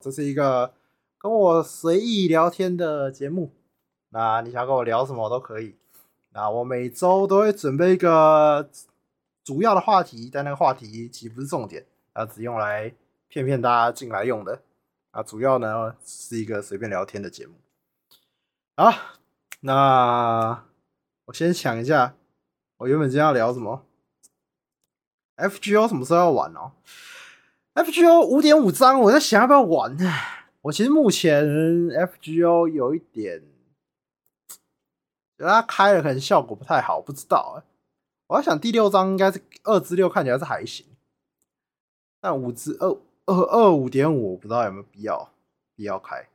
這是一個跟我隨意聊天的節目，那你想跟我聊什麼都可以。那我每周都會準備一個主要的話題，但那個話題其實不是重點，啊，只用來騙騙大家進來用的，啊，主要呢是一個隨便聊天的節目。好，那我先想一下，我原本今天要聊什麼？FGO 什麼時候要玩呢？哦？F G O 五點五章，我在想要不要玩呢？我其實目前 F G O 有一點，他開了可能效果不太好，不知道。我在想第六章應該是二至六看起來是還行，但五至二二二五點五，我不知道有沒有必要必要開，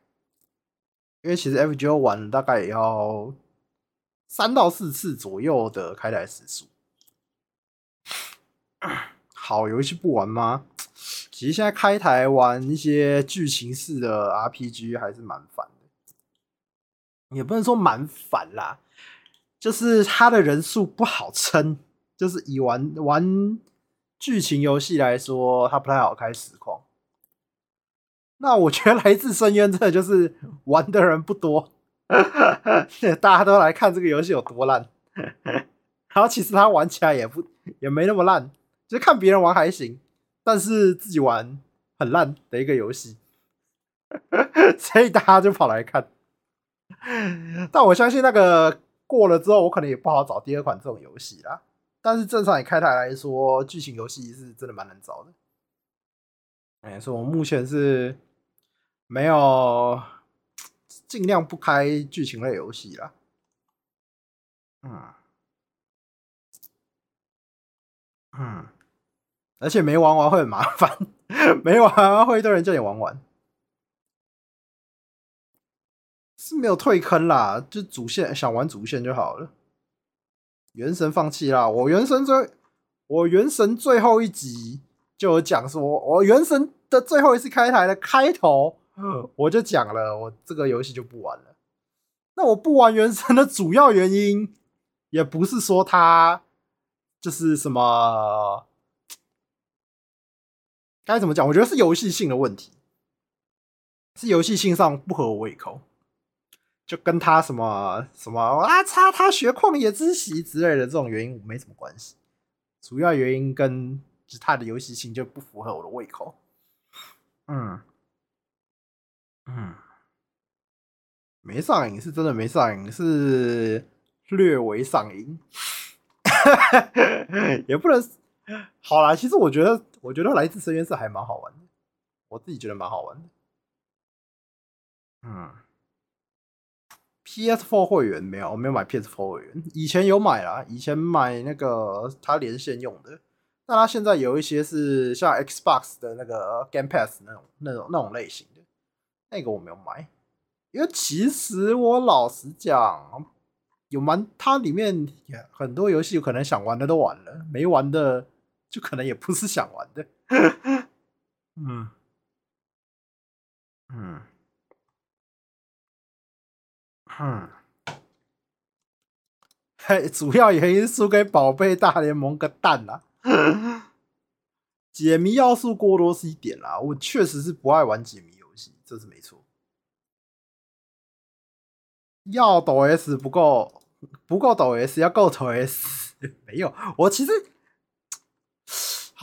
因為其實 F G O 玩了大概也要三到四次左右的開台次數。好遊戲不玩嗎？其實現在開台玩一些劇情式的 RPG 還是蠻煩的，也不能說蠻煩啦,就是他的人數不好撐，就是以玩玩劇情遊戲來說，他不太好開實況。那我覺得《來自深淵》真的就是玩的人不多，大家都來看這個遊戲有多爛。然後其實他玩起來也不也沒那麼爛，就是看別人玩還行。但是自己玩很爛的一個遊戲，所以大家就跑來看。但我相信那個過了之後，我可能也不好找第二款這種遊戲啦。但是正常以開台來說，劇情遊戲是真的蠻難找的。哎，所以，我目前是沒有盡量不開劇情類遊戲啦。嗯嗯。而且沒玩完會很麻煩， 沒玩完會一堆人叫你玩完，是沒有退坑啦，就主線想玩主線就好了。原神放棄啦，我原神最我原神最後一集就有講說，我原神的最後一次開台的開頭，我就講了，我這個遊戲就不玩了。那我不玩原神的主要原因，也不是說它就是什麼。該怎麼講？我覺得是遊戲性的問題，是遊戲性上不合我胃口，就跟他什麼什麼啊，差他學曠野之息之類的這種原因我沒什麼關係。主要原因跟其他的遊戲性就不符合我的胃口。嗯嗯，沒上癮是真的沒上癮，是略微上癮， 也不能。好啦，其實我覺得。我覺得來自深淵四還蠻好玩的，我自己覺得蠻好玩的。嗯，PS4 會員沒有，我沒有買 PS4 會員，以前有買啦，以前買那個它連線用的，但它現在有一些是像 Xbox 的那個 Game Pass 那種那種那種類型的，那個我沒有買，因為其實我老實講，有蠻它裡面很多遊戲可能想玩的都玩了，沒玩的。就可能也不是想玩的，嗯，嗯，嗯，嘿，主要原因是輸給寶貝大聯盟個蛋啦！解謎要素過多是一點啦，我確實是不愛玩解謎遊戲，這是沒錯。要抖 S 不夠，不夠抖 S，要夠抖 S，沒有，我其實。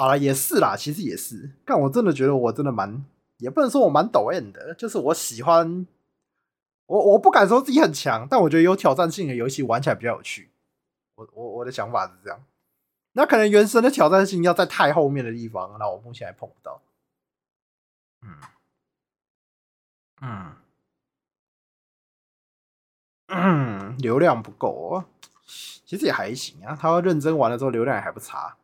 好了，也是啦，其實也是。但我真的覺得，我真的蠻，也不能說我蠻抖 M 的，就是我喜歡。我我不敢說自己很強，但我覺得有挑戰性的遊戲玩起來比較有趣。我我我的想法是這樣。那可能原神的挑戰性要在太後面的地方，那我目前還碰不到。嗯嗯嗯，流量不夠，哦，其實也還行啊。他認真玩了之後，流量也還不差。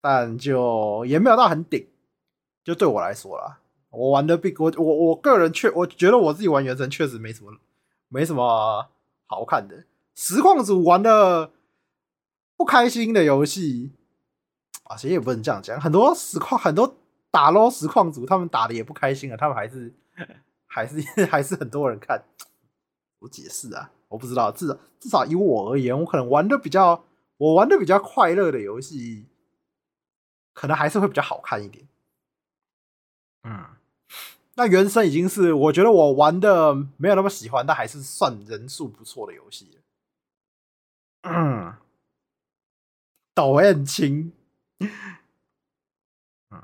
但就也沒有到很頂，就對我來說啦。我玩的比我我我個人確我覺得我自己玩原神確實沒什麼沒什麼好看的。實況主玩的不開心的遊戲啊，其實也不能這樣講。很多實況，很多打撈實況主他們打的也不開心啊，他們還是，還是還是還是很多人看。我解釋啊，我不知道，至少至少以我而言，我可能玩的比較我玩的比較快樂的遊戲。可能還是會比較好看一點，嗯，那原神已經是我覺得我玩的沒有那麼喜歡，但還是算人數不錯的遊戲，嗯，抖也很輕嗯，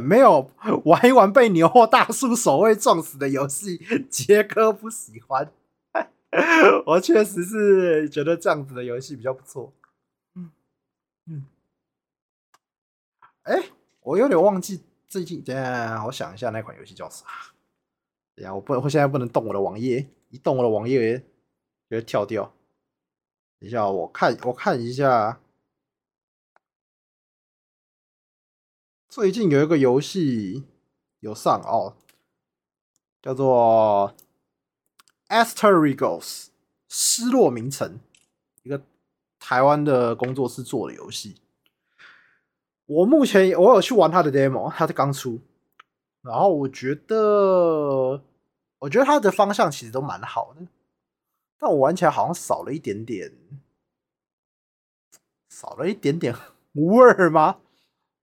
沒有玩一玩被牛大叔守衛撞死的遊戲，杰哥不喜歡， 我確實是覺得這樣子的遊戲比較不錯。哎、欸，我有點忘記最近，等下我想一下那款遊戲叫啥。等下我不能，我現在不能動我的網頁，一動我的網頁，就會跳掉。等一下我看，我看一下，最近有一個遊戲有上哦，叫做《Asterigos 失落名城》，一個台灣的工作室做的遊戲。我目前我有去玩他的 demo，他是剛出，然後我覺得我覺得他的方向其實都蠻好的，但我玩起來好像少了一點點，少了一點點味兒嗎？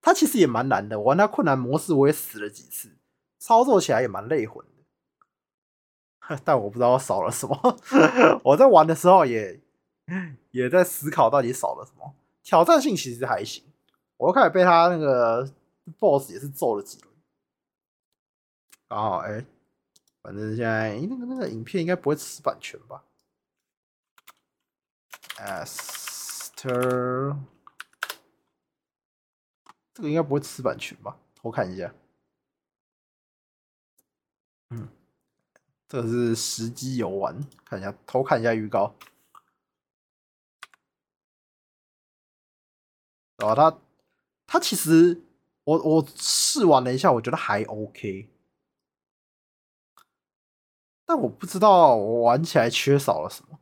他其實也蠻難的，我玩他困難模式我也死了幾次，操作起來也蠻累魂的，但我不知道我少了什麼，我在玩的時候也也在思考到底少了什麼，挑戰性其實還行。我開始被他那個 boss 也是揍了幾輪，啊，剛好哎，反正現在，欸、那個那個影片應該不會吃版權吧？Aster 這個應該不會吃版權吧？偷看一下，嗯，這是實機遊玩，看一下，偷看一下預告啊，啊他。它其實我，我我試玩了一下，我覺得還 OK，但我不知道我玩起來缺少了什麼。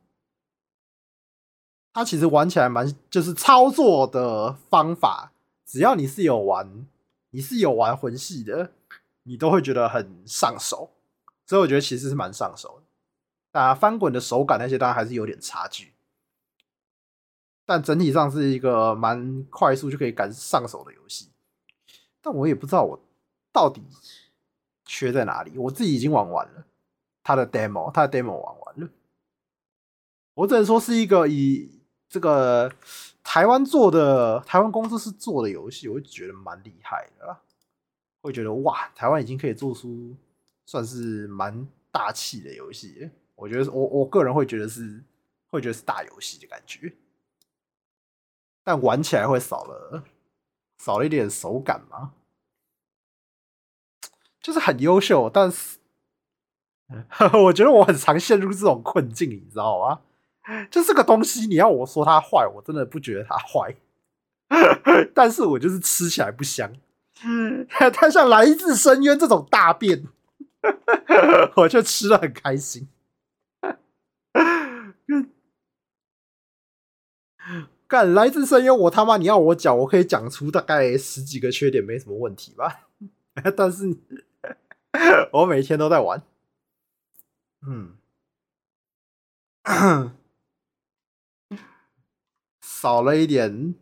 它其實玩起來蠻，就是操作的方法，只要你是有玩，你是有玩魂系的，你都會覺得很上手。所以我覺得其實是蠻上手的，打翻滾的手感那些，當然還是有點差距。但整體上是一個蠻快速就可以感上手的遊戲，但我也不知道我到底缺在哪裡。我自己已經玩完了他的 demo，他的 demo 玩完了，我只能說是一個以這個台灣做的台灣公司是做的遊戲，我覺得蠻厲害的啦，會覺得哇，台灣已經可以做出算是蠻大氣的遊戲。我覺得我我個人會覺得是會覺得是大遊戲的感覺。但玩起來會少了，少了一點手感嘛。就是很優秀，但是我覺得我很常陷入這種困境，你知道嗎？就這個東西，你要我說它壞，我真的不覺得它壞，但是我就是吃起來不香。嗯，它像來自深淵這種大便，我就吃得很開心。幹，來自深淵，我他媽你要我講，我可以講出大概十幾個缺點，沒什麼問題吧？ 但是， 我每天都在玩，嗯，嗯， 少了一點，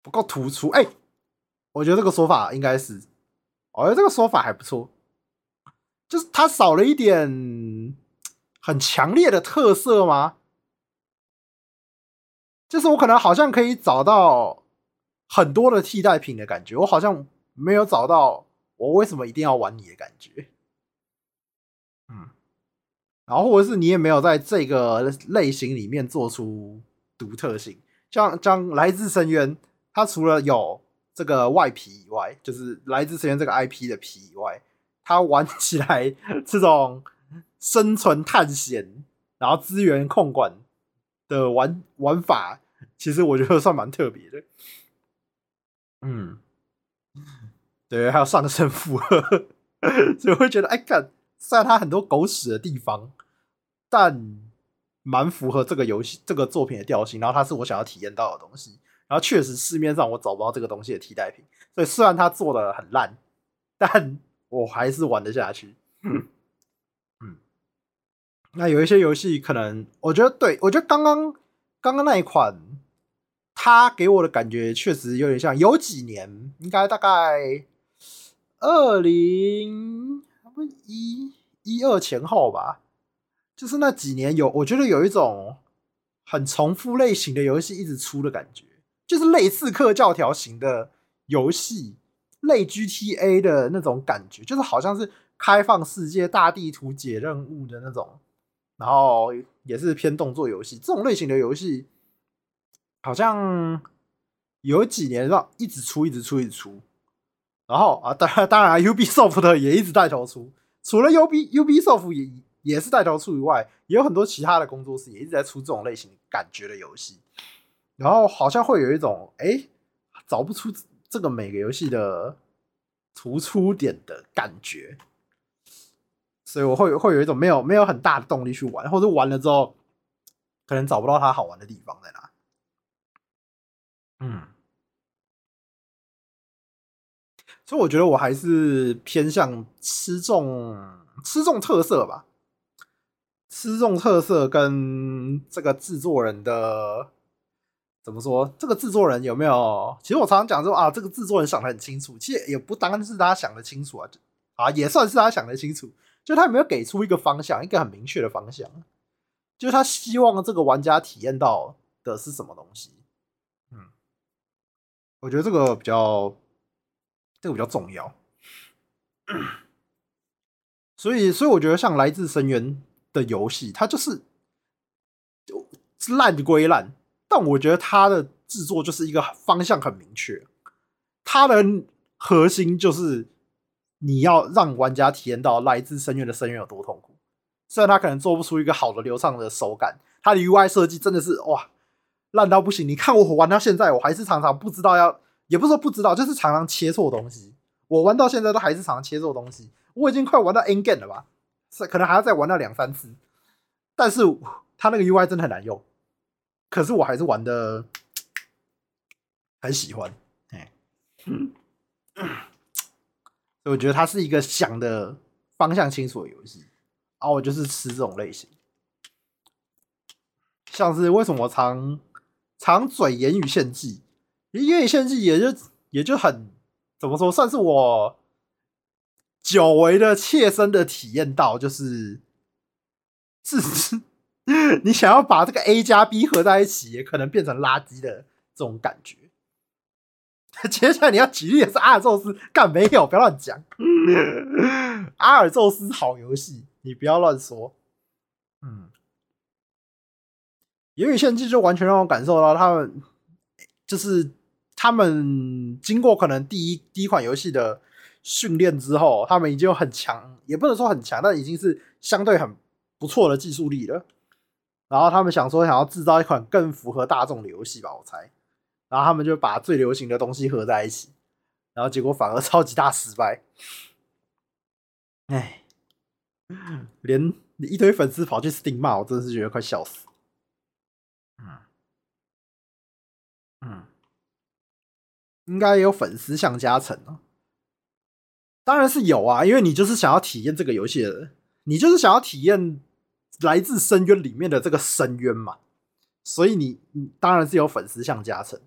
不夠突出。哎、欸，我覺得這個說法應該是，我覺得這個說法還不錯，就是它少了一點很強烈的特色嗎？就是我可能好像可以找到很多的替代品的感覺，我好像沒有找到我為什麼一定要玩你的感覺，嗯，然後或者是你也沒有在這個類型裡面做出獨特性，像像來自深淵，它除了有這個外皮以外，就是來自深淵這個 IP 的皮以外，它玩起來這種生存探險，然後資源控管的玩玩法。其實我覺得算蠻特別的，嗯，對，還有算的勝負，所以我會覺得哎，幹，雖然它很多狗屎的地方，但蠻符合這個遊戲這個作品的調性，然後它是我想要體驗到的東西，然後確實市面上我找不到這個東西的替代品，所以雖然它做的很爛，但我還是玩得下去。嗯，嗯，那有一些遊戲可能我覺得對我覺得剛剛剛剛那一款。他給我的感覺確實有點像，有幾年應該大概二零一一二前後吧，就是那幾年有，我覺得有一種很重複類型的遊戲一直出的感覺，就是類似刺客教條型的遊戲，類 GTA 的那種感覺，就是好像是開放世界大地圖解任務的那種，然後也是偏動作遊戲這種類型的遊戲。好像有幾年了，一直出，一直出，一直出。然後啊，當當然啊，Ubisoft 的也一直帶頭出。除了 Ub Ubisoft 也也是帶頭出以外，也有很多其他的工作室也一直在出這種類型感覺的遊戲。然後好像會有一種，哎，找不出這個每個遊戲的突出點的感覺。所以我會會有一種沒有沒有很大的動力去玩，或者玩了之後，可能找不到它好玩的地方在哪。嗯，所以我覺得我還是偏向，吃重吃重特色吧，吃重特色跟這個制作人的，怎麼說？這個制作人有沒有？其實我常常講說啊，這個制作人想得很清楚，其實也不單是他想得清楚啊，啊也算是他想得清楚，就他有沒有給出一個方向，一個很明確的方向，就是他希望這個玩家，體驗到的是什麼東西？我覺得這個比較，這個比較重要，所以，所以我覺得像來自深淵的遊戲，它就是爛歸爛，但我覺得它的制作就是一個方向很明確，它的核心就是你要讓玩家體驗到來自深淵的深淵有多痛苦。雖然它可能做不出一個好的流暢的手感，它的 UI 設計真的是哇。爛到不行！你看我玩到現在，我還是常常不知道要，也不是說不知道，就是常常切錯東西。我玩到現在都還是常常切錯東西。我已經快玩到 end game 了吧？是可能還要再玩到兩三次。但是他那個 UI 真的很難用，可是我還是玩的很喜歡。所嗯， 我覺得它是一個想的方向清楚的遊戲，然後我就是吃這種類型，像是為什麼我常。長嘴言語獻祭，言語獻祭也就也就很怎麼說，算是我久違的切身的體驗到，就是，是，你想要把這個 A 加 B 合在一起，也可能變成垃圾的這種感覺。 接下來你要舉例的是阿爾宙斯，幹沒有，不要亂講。 阿爾宙斯好遊戲，你不要亂說。《言語獻祭》就完全讓我感受到他們，就是他們經過可能第一第一款遊戲的訓練之後，他們已經有很強，也不能說很強，但已經是相對很不錯的技術力了。然後他們想說想要制造一款更符合大眾的遊戲吧，我猜。然後他們就把最流行的東西合在一起，然後結果反而超級大失敗。哎，連一堆粉絲跑去 Steam 罵，我真的是覺得快笑死。應該也有粉絲向加成，當然是有啊，因為你就是想要體驗這個遊戲的人，你就是想要體驗來自深淵裡面的這個深淵嘛，所以你你當然是有粉絲向加成，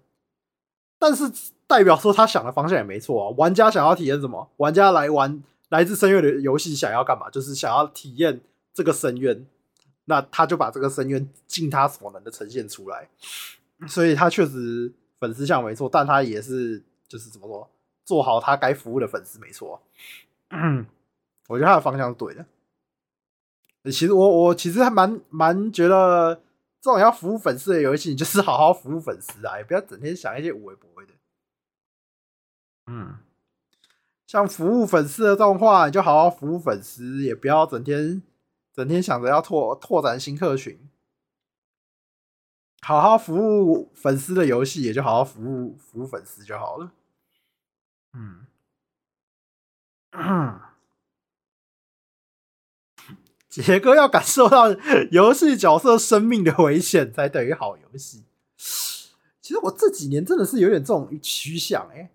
但是代表說他想的方向也沒錯啊，玩家想要體驗什麼？玩家來玩來自深淵的遊戲想要幹嘛？就是想要體驗這個深淵，那他就把這個深淵盡他所能的呈現出來，所以他確實。粉絲向沒錯，但他也是就是怎麼說，做好他該服務的粉絲沒錯 我覺得他的方向是對的。其實我我其實還蠻蠻覺得，這種要服務粉絲的遊戲，你就是好好服務粉絲啊，也不要整天想一些無為不維的。嗯，像服務粉絲的動畫，你就好好服務粉絲，也不要整天整天想着要拓拓展新客群。好好服務粉絲的遊戲，也就好好服務服務粉絲就好了。嗯，杰 哥要感受到遊戲角色生命的危險，才等於好遊戲。其實我這幾年真的是有點這種趨向誒、欸。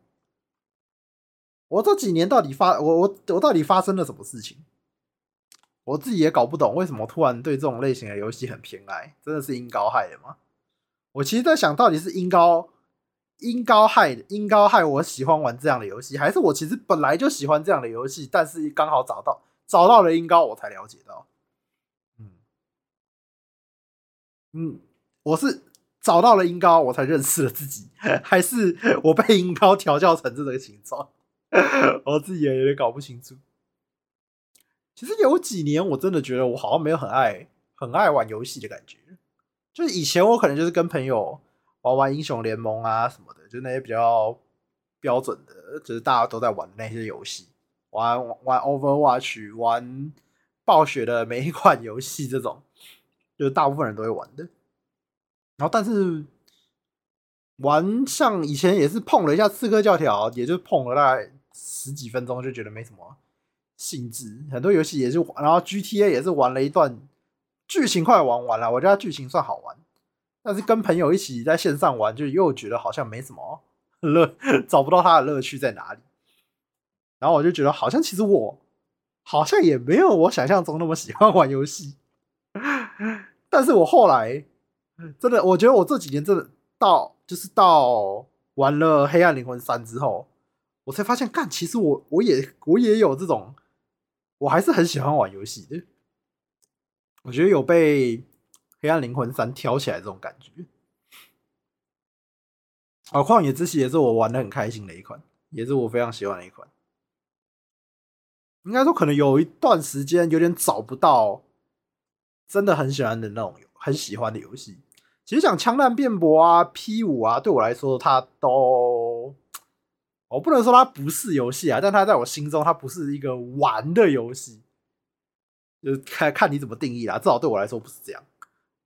我這幾年到底發我我我到底發生了什麼事情？我自己也搞不懂為什麼突然對這種類型的遊戲很偏愛，真的是因高害的嗎？我其實在想到底是音高，音高害的，音高害我喜歡玩這樣的遊戲，還是我其實本來就喜歡這樣的遊戲，但是剛好找到，找到了音高，我才了解到，嗯，嗯，我是找到了音高，我才認識了自己，還是我被音高調教成這個形狀，我自己也有點搞不清楚。其實有幾年，我真的覺得我好像沒有很愛，很愛玩遊戲的感覺。就是以前我可能就是跟朋友玩玩英雄聯盟啊什麼的，就那些比較標準的，就是大家都在玩的那些遊戲，玩玩 Overwatch，玩暴雪的每一款遊戲這種，就是大部分人都會玩的。然後但是玩像以前也是碰了一下《刺客教條》，也就碰了大概十幾分鐘就覺得沒什麼興致。很多遊戲也是玩，然後 GTA 也是玩了一段，劇情快玩完了，我覺得劇情算好玩，但是跟朋友一起在線上玩，就又覺得好像沒什麼樂，找不到它的樂趣在哪裡。然後我就覺得，好像其實我好像也沒有我想象中那麼喜歡玩遊戲。但是我後來真的，我覺得我這幾年真的到，就是到玩了《黑暗靈魂三》之後，我才發現，幹，其實我我也我也有這種，我還是很喜歡玩遊戲的。我覺得有被《黑暗靈魂三》挑起來的這種感覺。啊、哦，《曠野之息》也是我玩的很開心的一款，也是我非常喜歡的一款。應該說，可能有一段時間有點找不到真的很喜歡的那種很喜歡的遊戲。其實像槍彈辯駁啊、P5 啊，對我來說，它都我不能說它不是遊戲啊，但它在我心中，它不是一個玩的遊戲。就看你怎麼定義啦，至少對我來說不是這樣。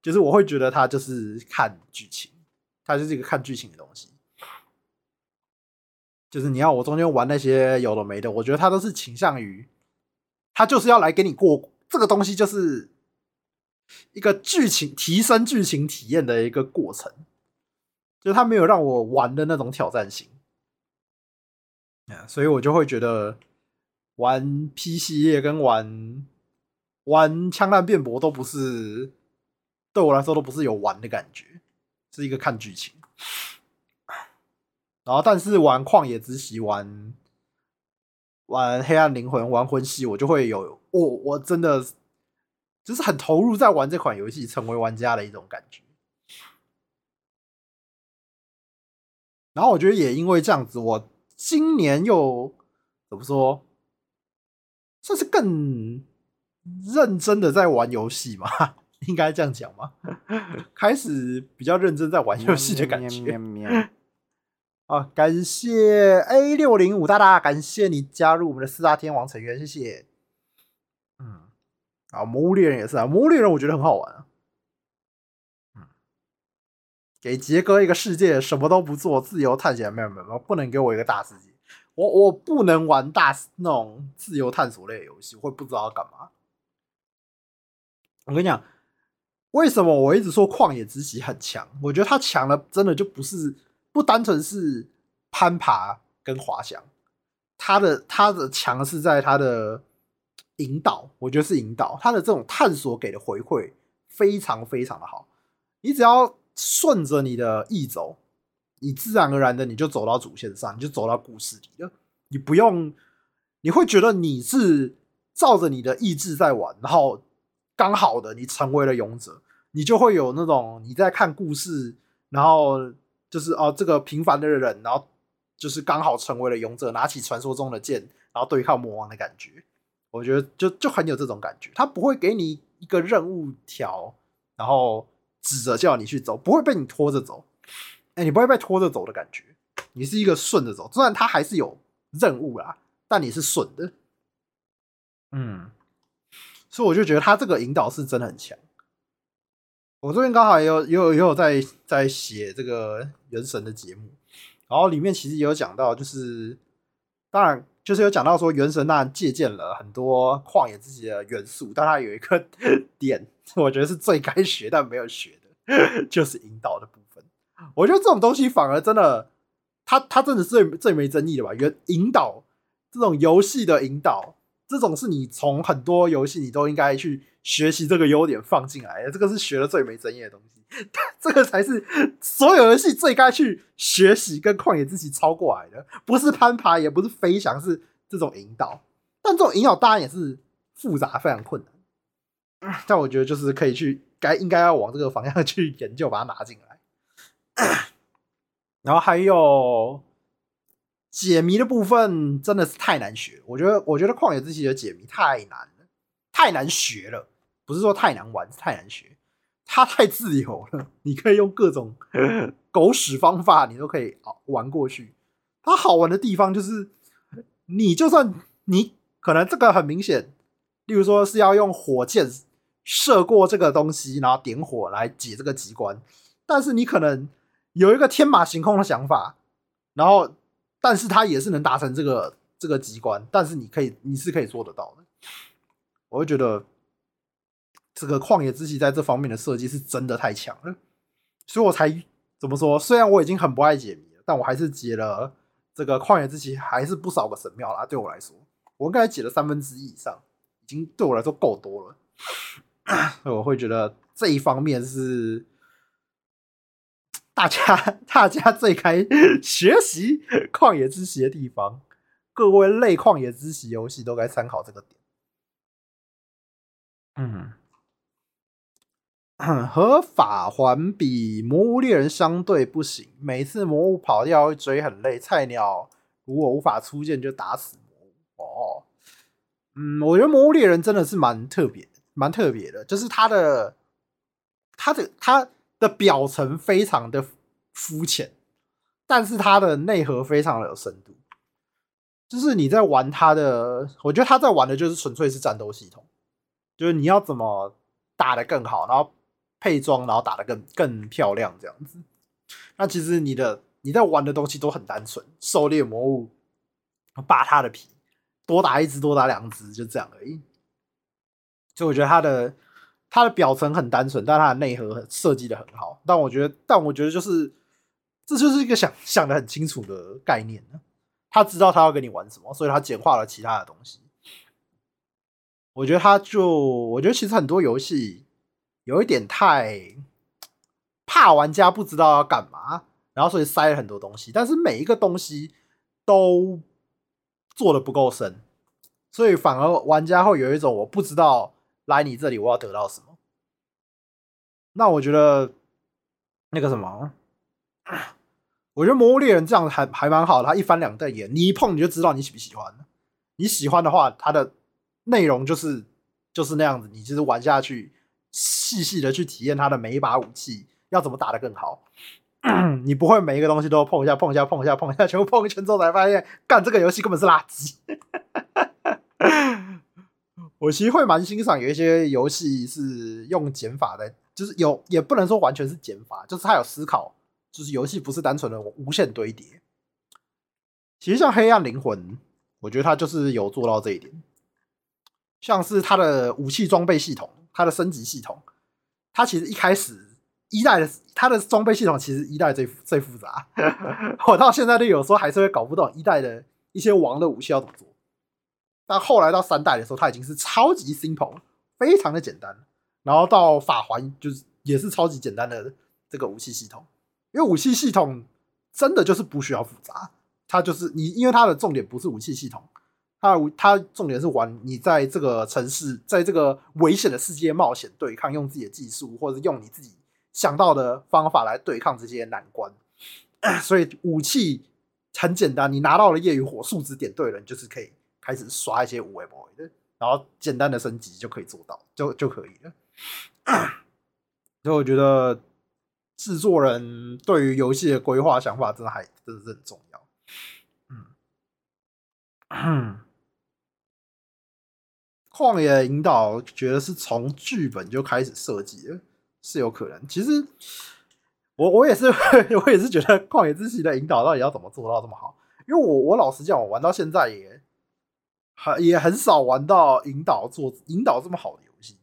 就是我會覺得它就是看劇情，它就是一個看劇情的東西。就是你要我中間玩那些有的沒的，我覺得他都是傾向於，他就是要來給你過過這個東西，就是一個劇情提升劇情體驗的一個過程。就他沒有讓我玩的那種挑戰性。所以我就會覺得玩 P 系列跟玩。玩槍戰辯駁都不是對我來說都不是有玩的感覺，是一個看劇情。然後，但是玩曠野之息、玩玩黑暗靈魂、玩魂系，我就會有我我真的就是很投入在玩這款遊戲，成為玩家的一種感覺。然後，我覺得也因為這樣子，我今年又怎麼說，算是更。認真的在玩遊戲嗎？ 應該這樣講嗎？ 開始比較認真在玩遊戲的感覺喵喵喵喵喵喵。啊，感謝 A 六零五大大，感謝你加入我們的四大天王成員，謝謝。嗯，啊，魔物獵人也是啊，魔物獵人我覺得很好玩，啊。嗯，給杰哥一個世界，什麼都不做，自由探險，沒有沒有，不能給我一個大世界，我我不能玩大那種自由探索類的遊戲，我會不知道要幹嘛。我跟你講，為什麼我一直說曠野之息很強？我覺得它強的真的就不是，不單純是攀爬跟滑翔，它的它的強是在它的引導，我覺得是引導，它的這種探索給的回饋非常非常的好。你只要順着你的意走，你自然而然的你就走到主線上，你就走到故事裡了。你不用，你會覺得你是照着你的意志在玩，然後。剛好的，你成為了勇者，你就會有那種你在看故事，然後就是哦，這個平凡的人，然後就是剛好成為了勇者，拿起傳說中的劍，然後對抗魔王的感覺。我覺得就就很有這種感覺。他不會給你一個任務條，然後指着叫你去走，不會被你拖着走。欸，你不會被拖着走的感覺，你是一個順着走。雖然他還是有任務啦，但你是順的。嗯。所以我就覺得他這個引導是真的很強。我這邊剛好也有也有也有，有在在寫這個《原神》的節目，然後裡面其實也有講到，就是當然就是有講到說，《原神》那借鑑了很多曠野之息的元素，但它有一個點，我覺得是最該學但沒有學的，就是引導的部分。我覺得這種東西反而真的，他他真的是最最沒爭議的吧？原引導這種遊戲的引導。這種是你從很多遊戲你都應該去學習這個優點放進來的，這個是學的最沒爭議的東西，這個才是所有遊戲最該去學習跟曠野之息抄過來的，不是攀爬，也不是飛翔，是這種引導。但這種引導當然也是複雜非常困難，但我覺得就是可以去該應該要往這個方向去研究，把它拿進來。然後還有。解謎的部分真的是太難學，我覺得，我覺得《曠野之息》的解謎太難了，太難學了。不是說太難玩，太難學。它太自由了，你可以用各種狗屎方法，你都可以玩過去。它好玩的地方就是，你就算你可能這個很明顯，例如說是要用火箭射過這個東西，然後點火來解這個機關，但是你可能有一個天馬行空的想法，然後。但是它也是能達成這個這個機關，但是你可以，你是可以做得到的。我會覺得這個曠野之息在這方面的設計是真的太強了，所以我才怎麼說？雖然我已經很不愛解謎了，但我還是解了這個曠野之息，還是不少個神廟啦。對我來說，我應該解了三分之一以上，已經對我來說夠多了。 所以我會覺得這一方面是。大家，大家最該學習曠野之息的地方，各位類曠野之息遊戲都該參考這個點。嗯，和法環比，魔物獵人相對不行。每次魔物跑掉會追很累，菜鳥如果無法出現就打死魔物。哦，嗯，我覺得魔物獵人真的是蠻特別，蠻特別的，就是他的，他的，他。的表層非常的膚淺，但是它的內核非常的有深度。就是你在玩它的，我覺得他在玩的就是純粹是戰鬥系統，就是你要怎麼打得更好，然後配裝，然後打得更更漂亮這樣子。那其實你的，你在玩的東西都很單純，狩獵魔物，扒它的皮，多打一隻多打兩隻就這樣而已。所以我覺得它的。它的表層很單純，但它的內核設計的很好。但我覺得，但我覺得就是，這就是一個想想得很清楚的概念。他知道他要跟你玩什麼，所以他簡化了其他的東西。我覺得他就，我覺得其實很多遊戲有一點太怕玩家不知道要幹嘛，然後所以塞了很多東西，但是每一個東西都做得不夠深，所以反而玩家會有一種我不知道。來你這裡，我要得到什麼？那我覺得，那個什麼，我覺得《魔物獵人》這樣還還蠻好的。他一翻兩瞪眼，你一碰你就知道你喜不喜歡。你喜歡的話，它的內容就是就是那樣子。你就是玩下去，細細的去體驗它的每一把武器要怎麼打得更好，嗯。你不會每一個東西都碰一下、碰一下、碰一下、碰一下，全部碰一圈之後才發現，幹，這個遊戲根本是垃圾。 我其實會蠻欣賞有一些遊戲是用減法的，就是有，也不能說完全是減法，就是他有思考，就是遊戲不是單純的無限堆疊。其實像《黑暗靈魂》，我覺得他就是有做到這一點。像是他的武器裝備系統、它的升級系統，它其實一開始一代的它的裝備系統其實一代最最複雜， 我到現在都有時候還是會搞不懂一代的一些王的武器要怎麼做。但後來到三代的時候，它已經是超級 simple，非常的簡單。然後到法環就是也是超級簡單的這個武器系統，因為武器系統真的就是不需要複雜，它就是你，因為它的重點不是武器系統，它它重點是玩你在這個城市，在這個危險的世界冒險對抗，用自己的技術或者是用你自己想到的方法來對抗這些難關。所以武器很簡單，你拿到了業餘火數值點對了，你就是可以。開始刷一些 boy 的，然後簡單的升級就可以做到，就就可以了。所以 我覺得製作人對於遊戲的規劃想法真的還真的是很重要。嗯，曠 野引導覺得是從劇本就開始設計的，是有可能。其實我我也是 我也是覺得曠野之息的引導到底要怎麼做到這麼好？因為我我老實講，我玩到現在也。也很少玩到引導做引導這麼好的遊戲。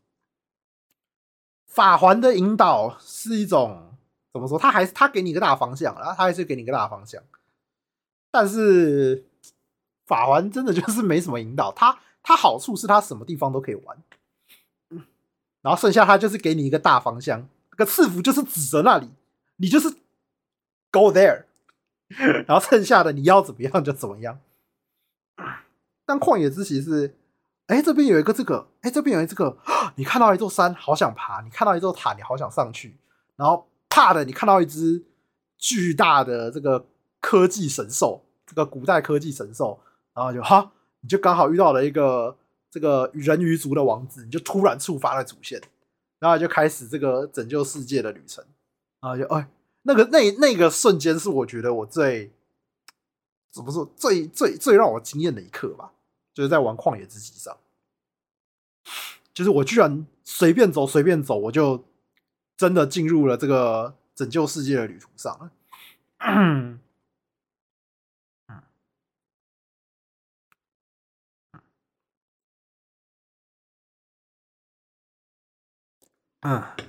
法環的引導是一種，怎麼說？他還是他給你一個大方向，然後他還是給你一個大方向。但是法環真的就是沒什麼引導，它，它好處是它什麼地方都可以玩，然後剩下它就是給你一個大方向，那個賜福就是指着那裡，你就是 go there，然後剩下的你要怎麼樣就怎麼樣。但曠野之息是，哎、欸，這邊有一個這個，哎、欸，這邊有一個、這個，你看到一座山，好想爬。你看到一座塔，你好想上去。然後，啪的，你看到一隻巨大的這個科技神獸，這個古代科技神獸，然後就哈，你就剛好遇到了一個這個人魚族的王子，你就突然觸發了主線，然後就開始這個拯救世界的旅程。啊，就、欸、哎，那個那那個瞬間是我覺得我最。只不過最最最讓我驚豔的一刻吧？就是在玩《曠野之息》上，就是我居然隨便走隨便走，我就真的進入了這個拯救世界的旅途上了嗯。嗯，啊、嗯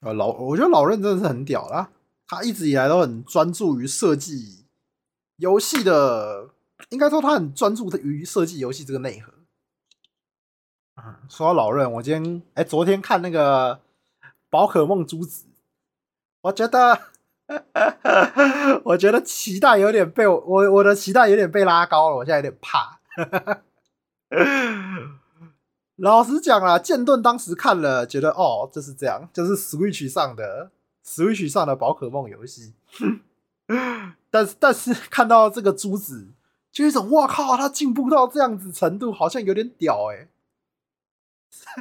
嗯，老，我覺得老任真的是很屌啦，他一直以來都很專注於設計。遊戲的，應該說他很專注於設計遊戲這個內核。嗯。說到老任，我今天哎，欸，昨天看那個《寶可夢》朱紫，我覺得 我覺得期待有點被我我，我的期待有點被拉高了，我現在有點怕。 老實講啊，劍盾當時看了，覺得哦，就是這樣，就是 Switch 上的 Switch 上的寶可夢遊戲。 但是但是看到這個珠子，就一種哇靠，他進步到這樣子程度，好像有點屌哎、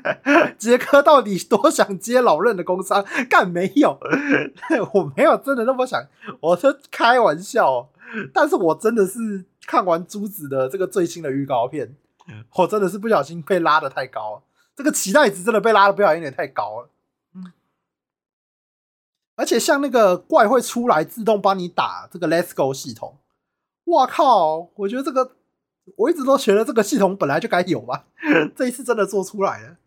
欸。杰 克到底多想接老任的工傷？幹、啊、沒有？ 我沒有真的那麼想，我是開玩笑。但是我真的是看完珠子的這個最新的預告片，我真的是不小心被拉得太高了。這個期待值真的被拉得不小心有點太高了。而且像那個怪會出來自動幫你打這個 Let's Go 系統，哇靠！我覺得這個我一直都覺得這個系統本來就該有吧，這一次真的做出來了。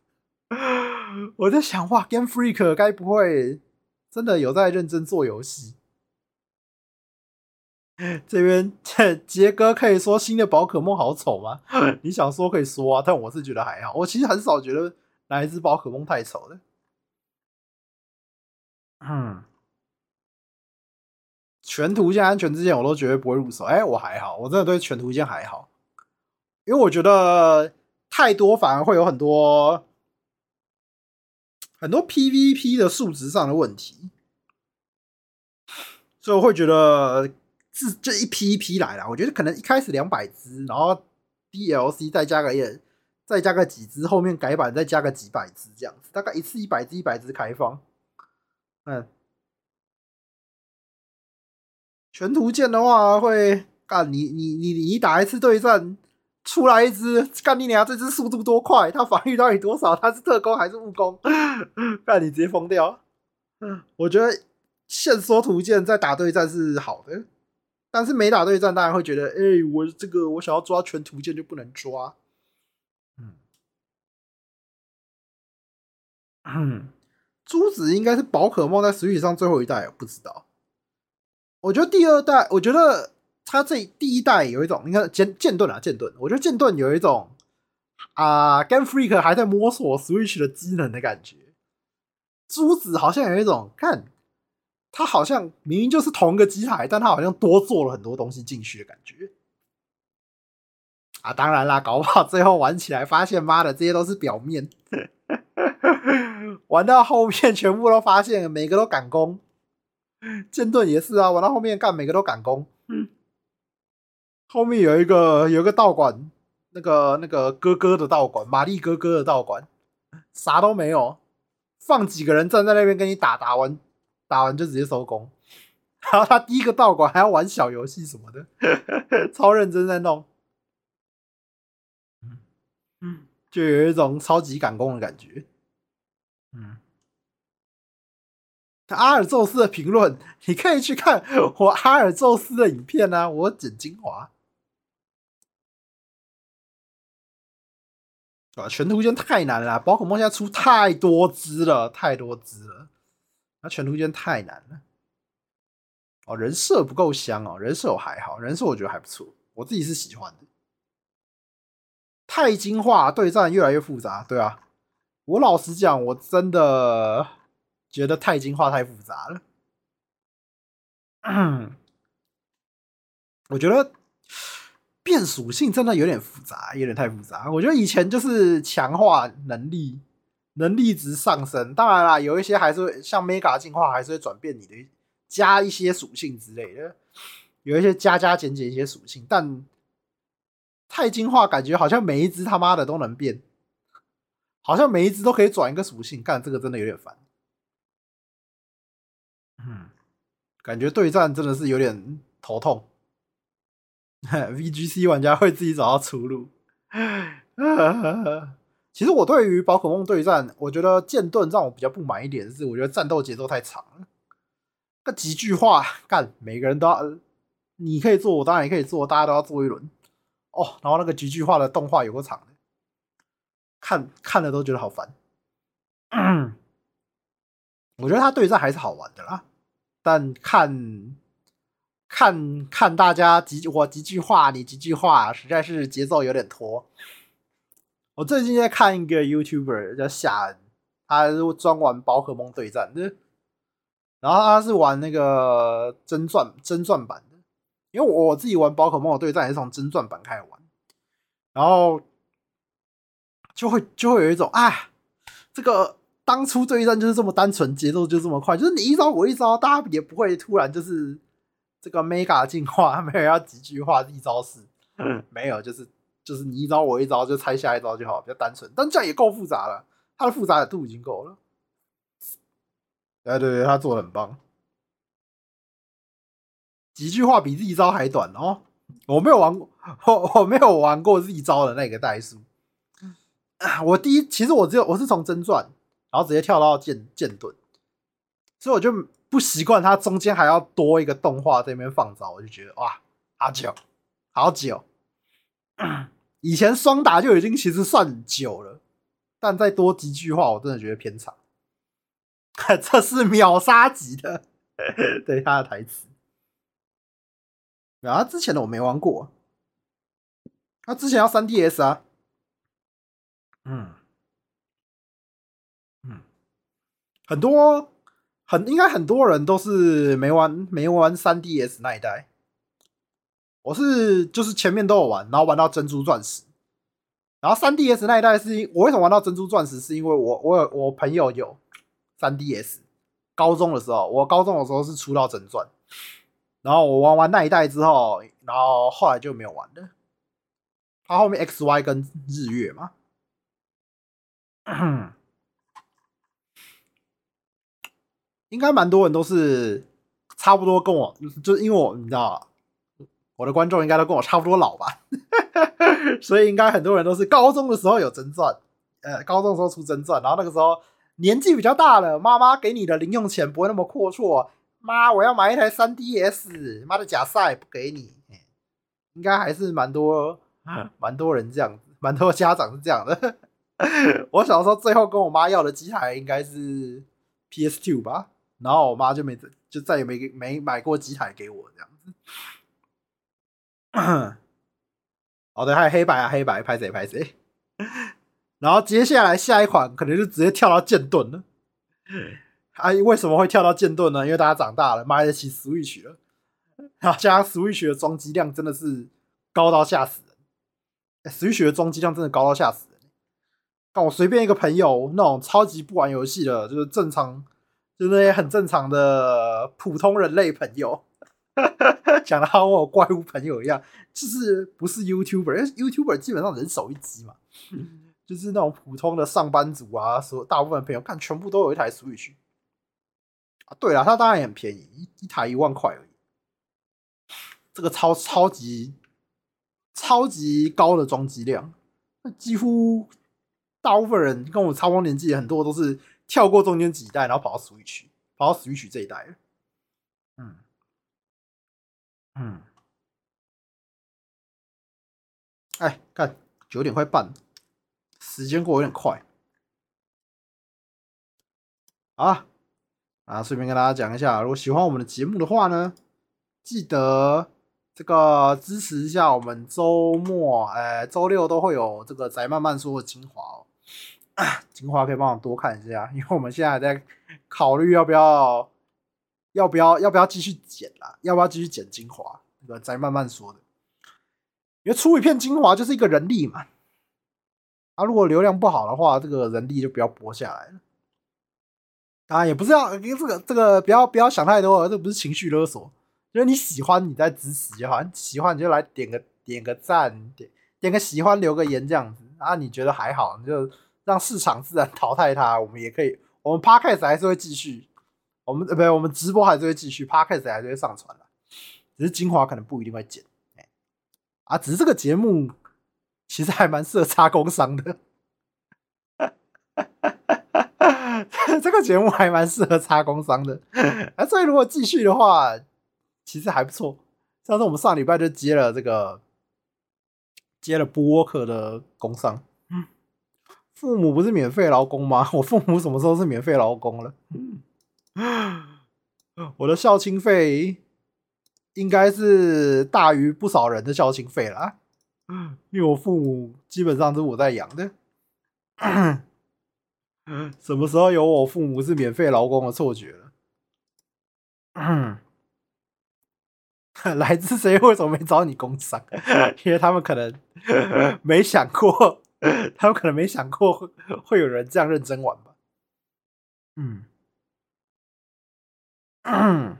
我在想，哇，Game Freak 該不會真的有在認真做遊戲？這邊傑傑哥可以說新的寶可夢好醜嗎？你想說可以說啊，但我是覺得還好，我其實很少覺得哪一隻寶可夢太醜了。嗯，全圖鑑安全之前我都覺得不會入手，哎、欸，我還好，我真的對全圖鑑還好，因為我覺得太多反而會有很多很多 PVP 的數值上的問題，所以我會覺得是這一批一批來啦，我覺得可能一開始兩百隻，然後 DLC 再加個，再加個幾隻，後面改版再加個幾百隻這樣子，大概一次一百隻一百隻開放。嗯、全圖鑑的話會幹你，你你你打一次對戰出來一隻，幹你娘這隻速度多快，它防禦到底多少？它是特攻還是物攻？幹 你直接瘋掉。嗯、我覺得限縮圖鑑在打對戰是好的，但是沒打對戰，大家會覺得，哎、欸，我這個我想要抓全圖鑑就不能抓。嗯嗯珠子應該是寶可夢在 Switch 上最後一代，不知道。我覺得第二代，我覺得它這一第一代有一種，你看劍劍盾啊劍盾，我覺得劍盾有一種啊、呃、Game Freak 還在摸索 Switch 的機能的感覺。珠子好像有一種，看，他好像明明就是同一個機台，但他好像多做了很多東西進去的感覺。啊，當然啦，搞不好最後玩起來發現媽的這些都是表面。 玩到後面，全部都發現每個都趕工，劍盾也是啊。玩到後面幹，每個都趕工。嗯。後面有一個有一個道館，那個那個哥哥的道館，瑪麗哥哥的道館，啥都沒有，放幾個人站在那邊跟你打，打完打完就直接收工。然後他第一個道館還要玩小遊戲什麼的，呵呵呵，超認真在弄。嗯。就有一種超級趕工的感覺。嗯，阿爾宙斯的評論你可以去看我阿爾宙斯的影片啊，我剪精華。啊，全圖鑑太難了，寶可夢現在出太多只了，太多只了，那、啊、全圖鑑太難了。哦，人設不夠香哦，人設我還好，人設我覺得還不錯，我自己是喜歡的。太晶化，對戰越來越複雜，對啊。我老實講，我真的覺得太晶化太複雜了。 我覺得變屬性真的有點複雜，有點太複雜。我覺得以前就是強化能力，能力值上升。當然啦，有一些還是會像 Mega 進化，還是會轉變你的，加一些屬性之類的，有一些加加減減一些屬性。但太晶化，感覺好像每一隻他媽的都能變。好像每一隻都可以轉一個屬性，幹，這個真的有點煩。嗯，感覺對戰真的是有點頭痛。 VGC 玩家會自己找到出路。 其實我對於寶可夢對戰，我覺得劍盾讓我比較不滿一點，就是，我覺得戰鬥節奏太長了，那個極巨化，幹，每個人都要，你可以做，我當然也可以做，大家都要做一輪哦。然後那個極巨化的動畫有個長。看看了都覺得好煩、嗯，我覺得他對戰還是好玩的啦，但看看看大家幾我幾句話你幾句話，實在是節奏有點拖。我最近在看一個 YouTuber 叫夏恩，他是專玩寶可夢對戰的，然後他是玩那個真鑽真鑽版的，因為我自己玩寶可夢對戰也是從真鑽版開始玩，然後。就會就會有一種啊，這個當初對戰就是這麼單純，節奏就這麼快，就是你一招我一招，大家也不會突然就是這個 mega 進化，沒有要幾句話 Z 招式，嗯、沒有就是就是你一招我一招就猜下一招就好，比較單純，但這樣也夠複雜了，它的複雜的度已經夠了。哎，對對，他做得很棒，幾句話比 Z 招還短哦，我沒有玩過，我我沒有玩過 Z 招的那個代數。啊，我第一，其實我只有我是從真傳，然後直接跳到劍劍盾，所以我就不習慣它中間還要多一個動畫在那邊放着，我就覺得哇好久好久，好久 以前雙打就已經其實算久了，但再多幾句話我真的覺得偏差。 這是秒殺級的 對，對他的台詞。然後之前的我沒玩過，他之前要 3DS 啊。嗯嗯，很多很應該很多人都是沒玩沒玩 3DS 那一代，我是就是前面都有玩，然後玩到珍珠鑽石，然後 3DS 那一代是，我為什麼玩到珍珠鑽石是因為我我有我朋友有 3DS，高中的時候我高中的時候是出到珍鑽，然後我玩完那一代之後，然後後來就沒有玩了，他後面 XY 跟日月嘛。應該蠻多人都是差不多跟我，就是因為我你知道，我的觀眾應該都跟我差不多老吧， 所以應該很多人都是高中的時候有真賺，呃，高中的時候出真賺，然後那個時候年紀比較大了，媽媽給你的零用錢不會那麼闊綽，媽，我要買一台 3DS，媽的假賽不給你，應該還是蠻多，蠻多、嗯、蠻多人這樣子，蠻多家長是這樣的。 我小時候最後跟我媽要的機台應該是 PS2 吧，然後我媽就沒再就再也沒給沒買過機台給我這樣子。哦， oh, 對，還有黑白啊，黑白拍謝拍謝。 然後接下來下一款可能就直接跳到劍盾了。哎、 啊，為什麼會跳到劍盾呢？因為大家長大了，買得起 Switch 了。然後現在 Switch 的裝機量真的是高到嚇死人、欸、，Switch 的裝機量真的高到嚇死人。我隨便一個朋友，那種超級不玩遊戲的，就是正常，就是那些很正常的普通人類朋友，講的好像我怪物朋友一樣，就是不是 YouTuber，因為 YouTuber 基本上人手一隻嘛， 就是那種普通的上班族啊，所以大部分朋友看全部都有一台 Switch，啊，對啊，它當然也很便宜，一台一萬塊而已，這個超超級超級高的裝機量，幾乎。大部分人跟我差不多年紀，很多都是跳過中間幾代，然後跑到 Switch 跑到 Switch 這一代嗯嗯，哎、嗯，看、欸、九點快半時間過有點快。啊，啊，順便跟大家講一下，如果喜歡我們的節目的話呢，記得這個支持一下。我們周末，哎、欸，周六都會有這個宅漫慢說的精華哦、喔。精華可以幫我多看一下，因為我們現在還在考慮要不要要不要要不要繼續剪啦。要不要繼續剪精華？那個再慢慢說的，因為出一片精華就是一個人力嘛。啊，如果流量不好的話，這個人力就不要播下來了。啊，也不是要，因為這個這個不要不要想太多了，這不是情緒勒索，就是你喜歡你在支持就好，你喜歡你就來點個點個讚，點點個喜歡，留個言這樣子啊，你覺得還好你就。讓市場自然淘汰它，我們也可以，我們 podcast 還是會繼續，我們不，呃，我們直播還是會繼續，podcast 還是會上傳，啊，只是精華可能不一定會剪。欸、啊，只是這個節目其實還蠻適合插工商的， 這個節目還蠻適合插工商的，啊，所以如果繼續的話，其實還不錯。像是我們上禮拜就接了這個接了播客的工商。父母不是免費勞工嗎？我父母什麼時候是免費勞工了？我的孝親費應該是大於不少人的孝親費了，因為我父母基本上是我在養的。什麼時候有我父母是免費勞工的錯覺了？來自誰？為什麼沒找你工傷？因為他們可能沒想過。 他有可能沒想過會會有人這樣認真玩吧嗯？嗯，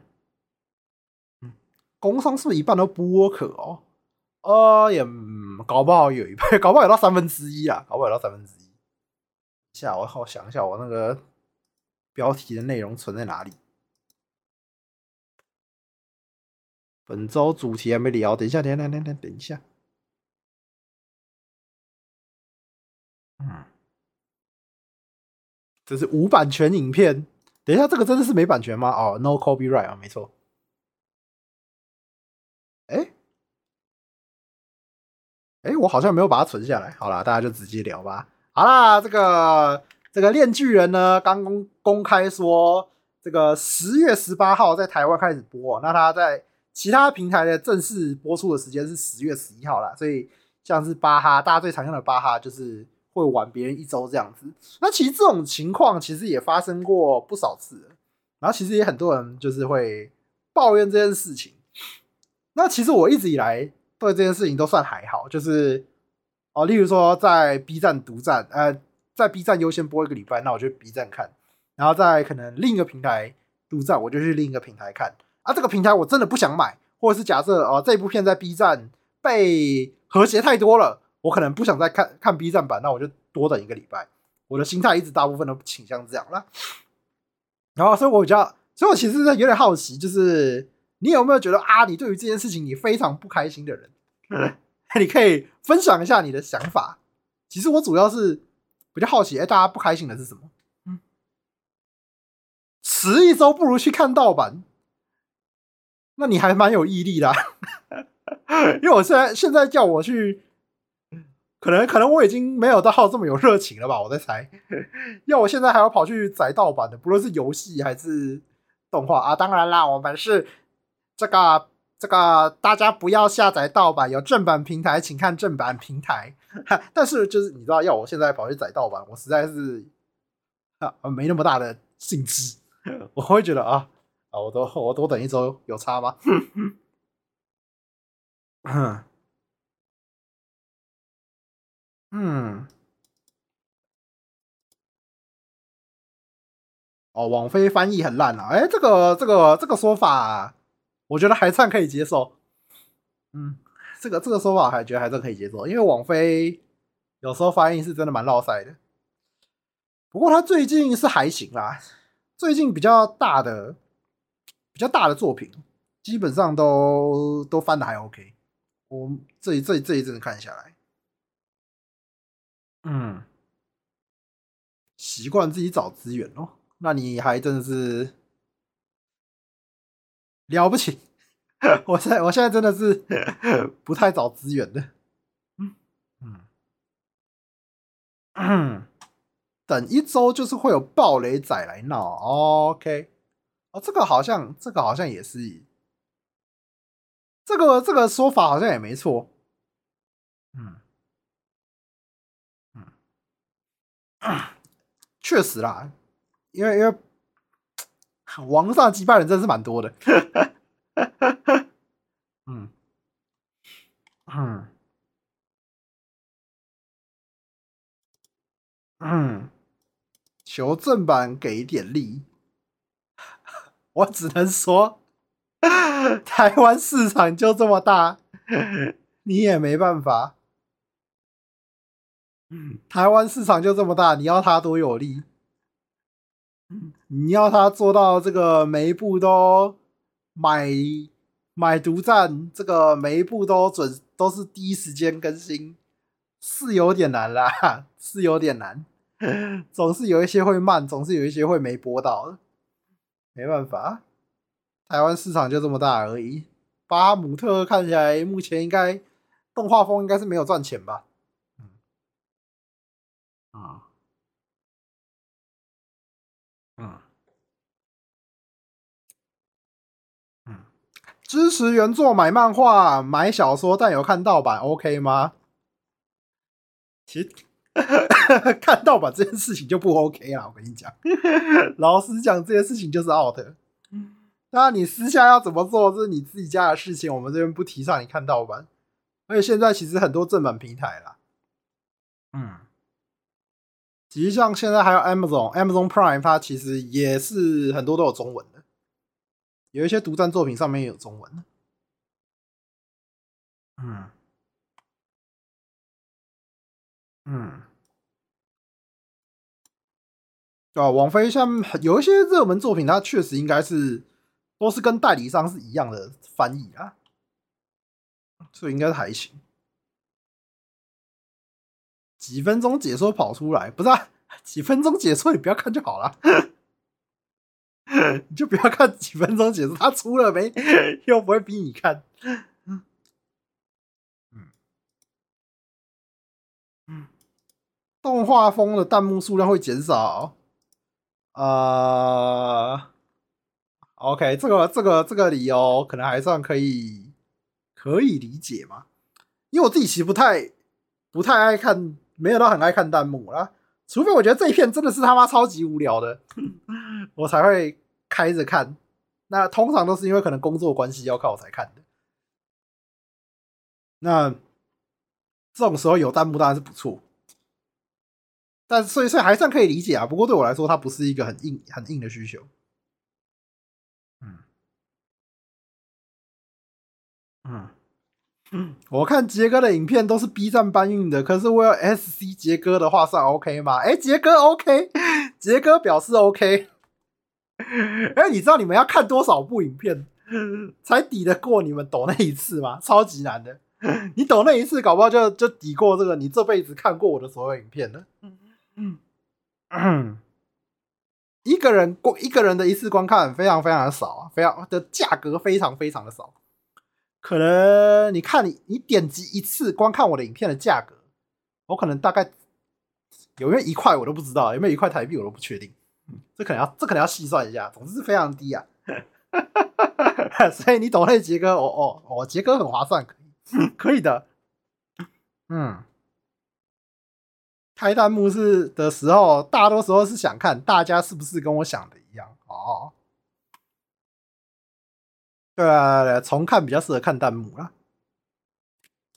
工商是不是一半都播客哦？啊、嗯、也，搞不好有一半，搞不好有到三分之一啊，搞不好有到三分之一,一。等一下，我好想一下，我那個標題的內容存在哪裡？本周主題還沒聊，等一下，停停停停，等一下。等一下這是無版權影片，等一下這個真的是沒版權嗎？哦，no copyright 啊，沒錯誒。誒誒我好像沒有把它存下來。好了，大家就直接聊吧。好啦，這個這個《鏈鋸人》呢，剛公公開說，這個十月十八號在台灣開始播，那他在其他平台的正式播出的時間是十月十一號啦。所以像是巴哈，大家最常用的巴哈就是。會玩別人一周這樣子，那其實這種情況其實也發生過不少次，然後其實也很多人就是會抱怨這件事情。那其實我一直以來對這件事情都算還好，就是哦，例如說在 B 站獨佔，呃，在 B 站優先播一個禮拜，那我就 B 站看，然後在可能另一個平台獨佔，我就去另一個平台看。啊，這個平台我真的不想買，或者是假設哦，呃，這部片在 B 站被和諧太多了。我可能不想再看看 B 站版，那我就多等一個禮拜。我的心態一直大部分都傾向這樣。那，然後所以我比較，所以我其實有點好奇，就是你有沒有覺得啊，你對於這件事情你非常不開心的人， 你可以分享一下你的想法。其實我主要是比較好奇，哎、欸，大家不開心的是什麼？嗯，遲一周不如去看盜版，那你還蠻有毅力的、啊。 因為我現在現在叫我去。可能可能我已經沒有到這麼有熱情了吧？我在猜。要 我現在還要跑去載盜版的，不論是遊戲還是動畫啊，當然啦，我們是這個這個，大家不要下載盜版，有正版平台請看正版平台。 但是就是你知道，要我現在跑去載盜版，我實在是啊沒那麼大的興趣。 我會覺得啊啊，我都我多等一周有差嗎？ 嗯，哦，網飛翻譯很爛啊！哎，這個這個這個說法、啊，我覺得還算可以接受。嗯，這個這個說法我還覺得還算可以接受，因為網飛有時候翻譯是真的蠻繞塞的。不過他最近是還行啦，最近比較大的、比較大的作品，基本上都都翻得還 OK。我這這這一陣看下來。嗯，習慣自己找資源哦。那你還真的是了不起。我現我現在真的是不太找資源的。嗯嗯嗯，等一周就是會有爆雷仔來鬧。OK，哦，這個好像，這個好像也是，這個這個說法好像也沒錯。確實啦，因為因為網上擊敗人真的是蠻多的。 嗯，嗯，嗯，求正版給一點力，我只能說台灣市場就這麼大，你也沒辦法。嗯，台灣市場就這麼大，你要它多有利？嗯，你要它做到這個每一步都買買獨占，這個每一步都準都是第一時間更新，是有點難啦，是有點難，總是有一些會慢，總是有一些會沒播到。沒辦法，台灣市場就這麼大而已。巴姆特看起來目前應該動畫瘋應該是沒有賺錢吧。啊、嗯，嗯嗯，支持原作，買漫畫，買小說，但有看盜版，OK 嗎？其實 看盜版這件事情就不 OK 了，我跟你講， 老實講，這件事情就是 out。那你私下要怎麼做，這是你自己家的事情，我們這邊不提倡你看盜版。而且現在其實很多正版平台啦，嗯。其實像現在還有 Amazon、Amazon Prime，它其實也是很多都有中文的，有一些獨佔作品上面也有中文的。嗯嗯，對、啊、王菲像有一些熱門作品，它確實應該是都是跟代理商是一樣的翻譯啊，這應該還行。幾分鐘解說跑出來，不是、啊、幾分鐘解說，你不要看就好了， 你就不要看幾分鐘解說，他出了沒？又不會逼你看。嗯、動畫風的彈幕數量會減少。啊、呃，OK，這個這個這個理由可能還算可以，可以理解嘛？因為我自己其實不太不太愛看。沒有，都很愛看彈幕啊，除非我覺得這一片真的是他媽超級無聊的，我才會開着看。那通常都是因為可能工作關係要看我才看的。那這種時候有彈幕當然是不錯，但所以所還算可以理解啊。不過對我來說，它不是一個很硬很硬的需求。嗯嗯。嗯，我看傑哥的影片，都是 B 站搬運的，可是我有 SC 傑哥的話算 OK 嗎？哎，欸，傑哥 OK，傑哥表示 OK。哎，你知道你們要看多少部影片才抵得過你們抖那一次嗎？超級難的，你抖那一次，搞不好就就抵過這個你這輩子看過我的所有影片了。嗯嗯，一個人過，一個人的一次觀看非常非常的少啊，非常的價格非常非常的少。可能你看你你點擊一次觀看我的影片的價格，我可能大概有沒有一塊我都不知道，有沒有一塊台幣我都不確定，嗯，這可能要這可能要細算一下，總之是非常低啊。 所以你懂了杰哥，我我我，哦哦，杰哥很划算，可以的。嗯，開彈幕式的時候，大多時候是想看大家是不是跟我想的一樣哦。對啊，對，啊對啊，重看比較適合看彈幕啦，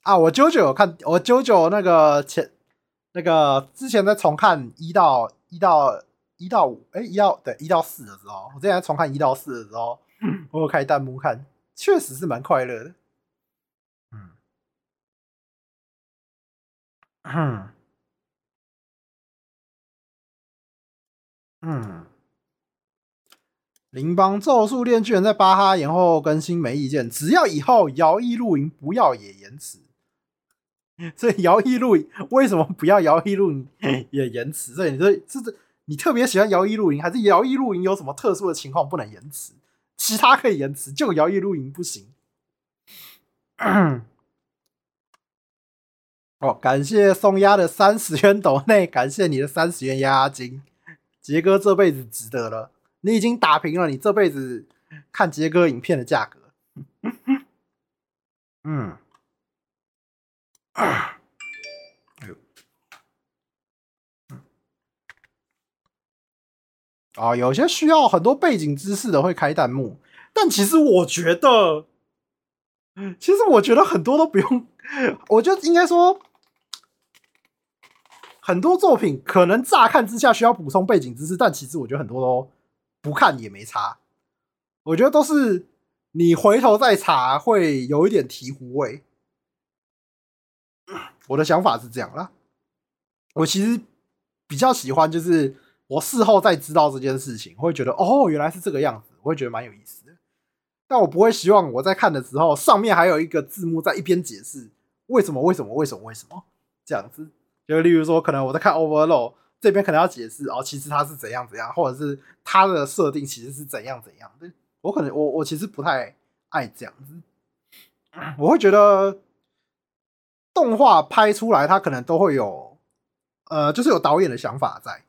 啊。啊，我舅舅有看我舅舅那個前那個之前在重看一到一到一到五，哎，一到對一到四的時候，我之前在重看一到四的時候，我有開彈幕看，確實是蠻快樂的。嗯，嗯。嗯林邦咒術鏈鋸人在巴哈，然後更新沒意見，只要以後搖曳露營不要也延遲。這搖曳露營為什麼不要搖曳露營也延遲？這你這這這，你特別喜歡搖曳露營，還是搖曳露營有什麼特殊的情況不能延遲？其他可以延遲，就搖曳露營不行咳咳。哦，感謝松鴨的三十元抖內，感謝你的三十元押金，杰哥這輩子值得了。你已經打平了你這輩子看杰哥影片的價格。嗯，啊，嗯，有些需要很多背景知識的會開彈幕，但其實我覺得，其實我覺得很多都不用，我覺得應該說，很多作品可能乍看之下需要補充背景知識，但其實我覺得很多都。不看也沒差，我覺得都是你回頭再查會有一點醍醐味。我的想法是這樣啦，我其實比較喜歡就是我事後再知道這件事情，會覺得哦原來是這個樣子，我會覺得蠻有意思的。但我不會希望我在看的時候上面還有一個字幕在一邊解釋為什麼為什麼為什麼為什麼這樣子，就例如說可能我在看 Overlord。這邊可能要解釋哦，其實它是怎樣怎樣，或者是它的設定其實是怎樣怎樣。對，我可能我我其實不太愛這樣子，我會覺得動畫拍出來，它可能都會有呃，就是有導演的想法在。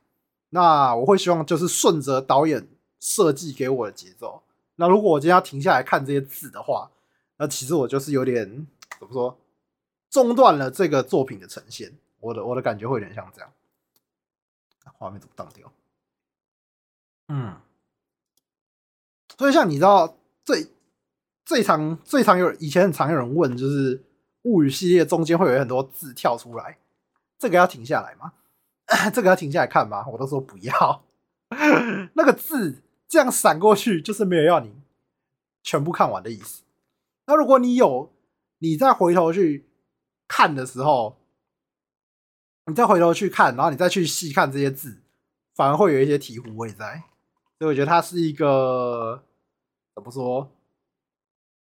那我會希望就是順着導演設計給我的節奏。那如果我今天要停下來看這些字的話，那其實我就是有點，怎麼說，中斷了這個作品的呈現。我的我的感覺會有點像這樣。哦、畫面怎麼擋掉？嗯，所以像你知道最最常最常有，以前很常有人問，就是《物語》系列中間會有很多字跳出來，這個要停下來嗎？呃、這個要停下來看嗎？我都說不要。 那個字這樣閃過去，就是沒有要你全部看完的意思。那如果你有，你再回頭去看的時候。你再回頭去看，然後你再去細看這些字，反而會有一些醍醐味在。所以我覺得它是一個怎麼說？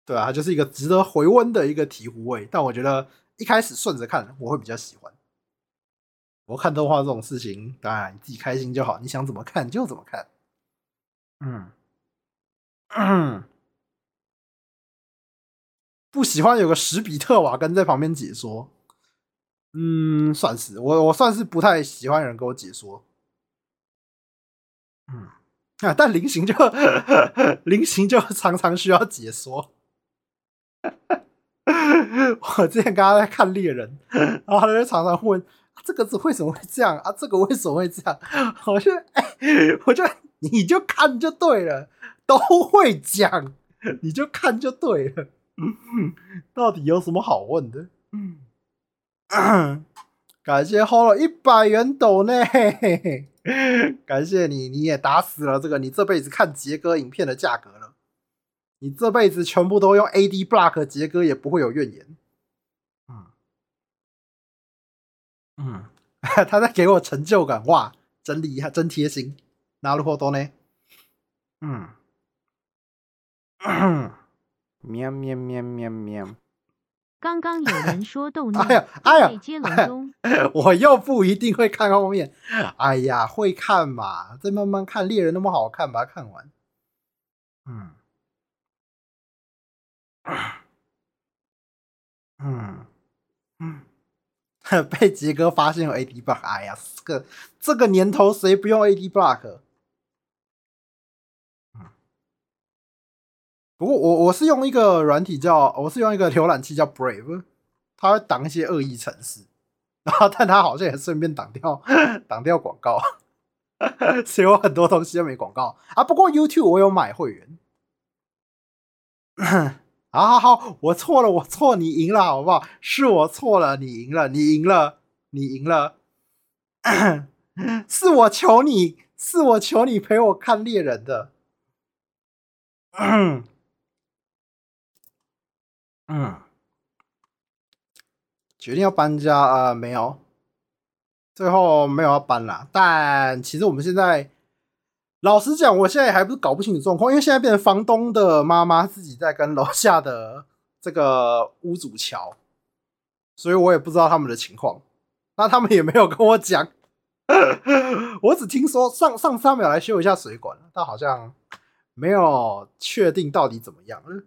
對啊，它就是一個值得回溫的一個醍醐味。但我覺得一開始順着看，我會比較喜歡。我看動畫這種事情，當然你自己開心就好，你想怎麼看就怎麼看。嗯。嗯，不喜歡有個史比特瓦根在旁邊解說。嗯，算是我，我算是不太喜歡人跟我解說嗯。嗯、啊，但菱形就菱形就常常需要解說。我之前剛剛在看獵人，然後他就常常問、啊、這個字為什麼會這樣啊？這個為什麼會這樣？我就哎、欸，我就你就看就對了，都會講，你就看就對了嗯。嗯，到底有什麼好問的？嗯。嗯、感謝花了一百元斗內嘿嘿，感謝你，你也打死了這個，你這輩子看杰哥影片的價格了，你這輩子全部都用 AD Block，杰哥也不會有怨言。嗯，嗯， 他在給我成就感哇，真厲害，真貼心，拿了多少呢？嗯，喵喵喵喵喵。喵喵喵喵剛剛有人說動漫、 哎，哎呀，龍、哎哎哎、我又不一定會看後面。哎呀，會看嘛，再慢慢看獵人那麼好看吧，看完。嗯，嗯嗯，被杰哥發現有 AD block，哎呀，這個這個年頭誰不用 AD block？不過我我是用一個軟體叫，我是用一個瀏覽器叫 Brave，它會擋一些惡意程式，然後，但它好像也順便擋掉擋掉廣告，所以我很多東西都沒廣告啊。不過 YouTube 我有買會員。啊， 好，好，好，好，我錯了，我錯，你贏了，好不好？是我錯了，你贏了，你贏了，你贏了， 是我求你，是我求你陪我看獵人的。 嗯，決定要搬家？呃，沒有，最後沒有要搬了。但其實我們現在，老實講，我現在還不是搞不清楚狀況，因為現在變成房東的媽媽自己在跟樓下的這個屋主橋，所以我也不知道他們的情況。那他們也沒有跟我講， 我只聽說上上次他們有來修一下水管，但好像沒有確定到底怎麼樣。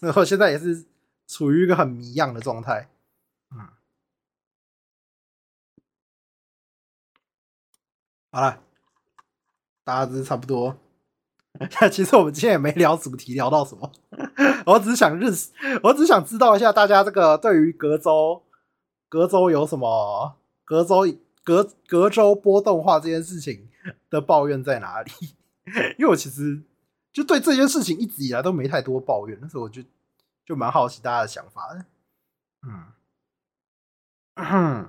然後現在也是。處於一個很謎樣的狀態，嗯，好了，大家都差不多。其實我們今天也沒聊主題，聊到什麼？我只想認識，我只想知道一下大家這個對於隔週隔週有什麼隔週隔隔週播動畫這件事情的抱怨在哪裡？因為我其實就對這件事情一直以來都沒太多抱怨，那時候我就。就蠻好奇大家的想法。嗯嗯，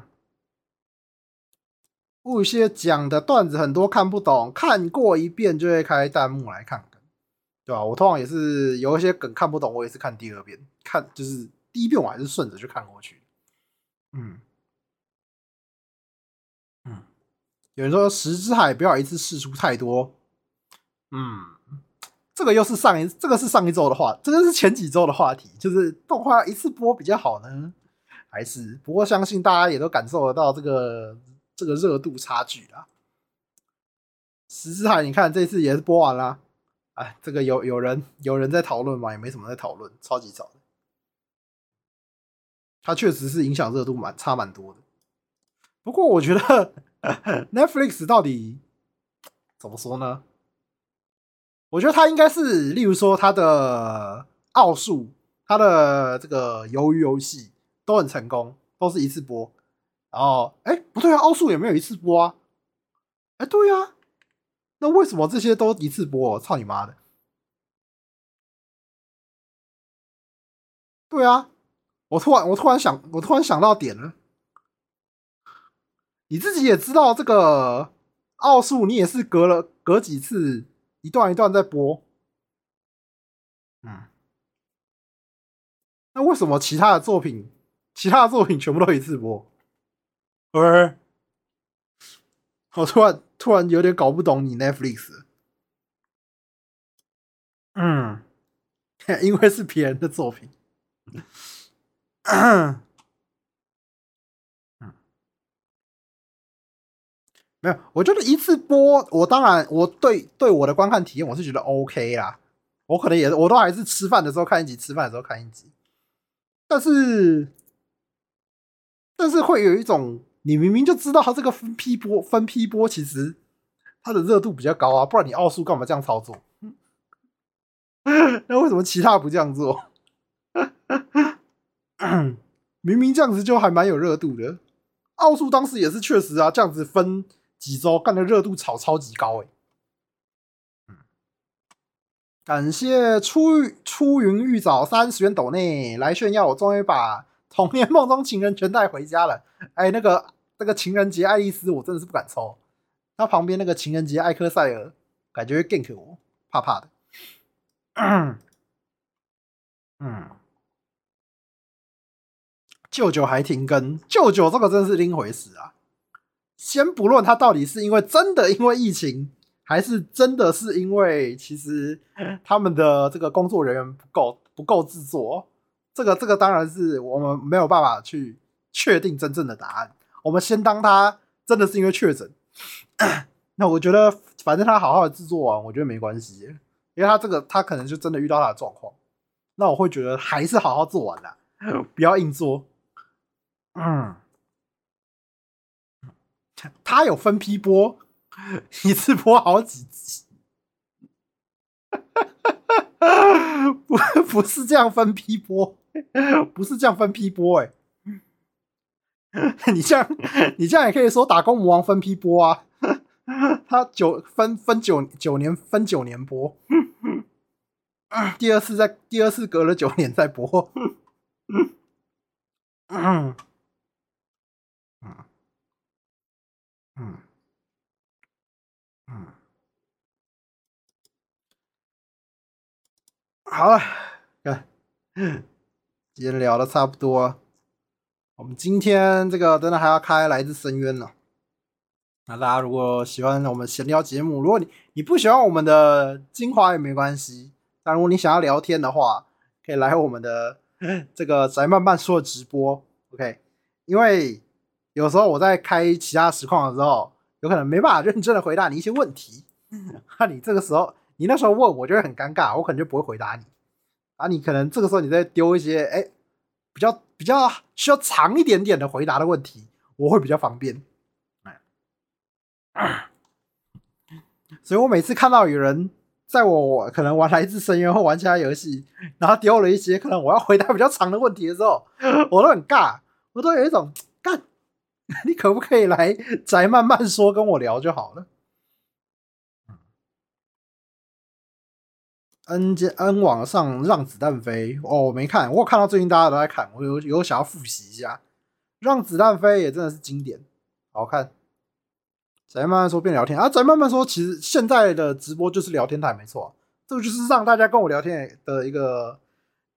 有 些講的段子很多看不懂，看過一遍就會開彈幕來看梗對吧？啊？我通常也是有一些梗看不懂，我也是看第二遍，看就是第一遍我還是順着去看過去，嗯，嗯，有人說石之海不要一次釋出太多，嗯。這個又是上一，這個是上一周的話，這個是前幾周的話題，就是動畫一次播比較好呢，還是？不過相信大家也都感受得到這個這個熱度差距啦。石之海，你看這次也是播完了，哎，這個有有人有人在討論嘛？也沒什麼在討論，超級少的。它確實是影響熱度蠻差蠻多的。不過我覺得呵呵 Netflix 到底怎麼說呢？我覺得他應該是，例如說他的奧術，他的這個魷魚遊戲都很成功，都是一次播。然後，哎、欸，不對啊，奧術也沒有一次播啊。哎、欸，對啊，那為什麼這些都一次播？啊？我操你媽的！對啊，我突然我突然想，我突然想到點了。你自己也知道這個奧術，你也是隔了隔幾次。一段一段在播，嗯，那為什麼其他的作品，其他的作品全部都一次播？呃，我突然突然有點搞不懂你 Netflix，嗯， 因為是別人的作品。 沒有，我覺得一次播，我當然我對對我的觀看體驗，我是覺得 OK 啦。我可能也我都還是吃飯的時候看一集，吃飯的時候看一集。但是但是會有一種，你明明就知道它這個分批播分批播，其實它的熱度比較高啊，不然你奧術幹嘛這樣操作？那為什麼其他不這樣做？ 明明這樣子就還蠻有熱度的。奧術當時也是確實啊，這樣子分。幾週干的熱度炒超級高誒、欸。感謝初初雲玉藻三十元斗內來炫耀，我終於把童年夢中情人全帶回家了、欸。哎、那個，那個這個情人節愛麗絲我真的是不敢抽，他旁邊那個情人節艾克塞爾感覺會 gank 我，怕怕的嗯。嗯，舅舅還停更，舅舅這個真是另一回事啊。先不論他到底是因為真的因為疫情，還是真的是因為其實他們的這個工作人員不夠不夠制作，這個這個當然是我們沒有辦法去確定真正的答案。我們先當他真的是因為確診，那我覺得反正他好好的制作完，我覺得沒關係，因為他這個他可能就真的遇到他的狀況，那我會覺得還是好好做完了，不要硬做，嗯。他有分批播，一次播好幾集，不 不是這樣分批播，不是這樣分批播、欸，哎， 你這樣你這樣也可以說《打工魔王》分批播啊，他九分分九九年分九年播， 第二次在第二次隔了九年再播。 嗯嗯嗯，好了，來，今天聊的差不多。我們今天這個真的還要開來自深淵了。那大家如果喜歡我們閒聊節目，如果你你不喜歡我們的精華也沒關係。但如果你想要聊天的話，可以來我們的這個宅漫慢說直播，OK？因為有時候我在開其他實況的時候，有可能沒辦法認真的回答你一些問題。那、啊、你這個時候，你那時候問我就會很尷尬，我可能就不會回答你。啊，你可能這個時候你再丟一些，哎、欸，比較比較需要長一點點的回答的問題，我會比較方便。所以我每次看到有人在我可能玩《來自深淵》或玩其他遊戲，然後丟了一些可能我要回答比較長的問題的時候，我都很尬，我都有一種幹。你可不可以來宅漫慢說，跟我聊就好了。嗯、N 加 N 網上讓子彈飛，哦，我沒看，我有看到最近大家都在看，我有有想要複習一下。讓子彈飛也真的是經典，好看。宅漫慢說變聊天啊，宅漫慢說，其實現在的直播就是聊天台沒錯，啊，這個就是讓大家跟我聊天的一個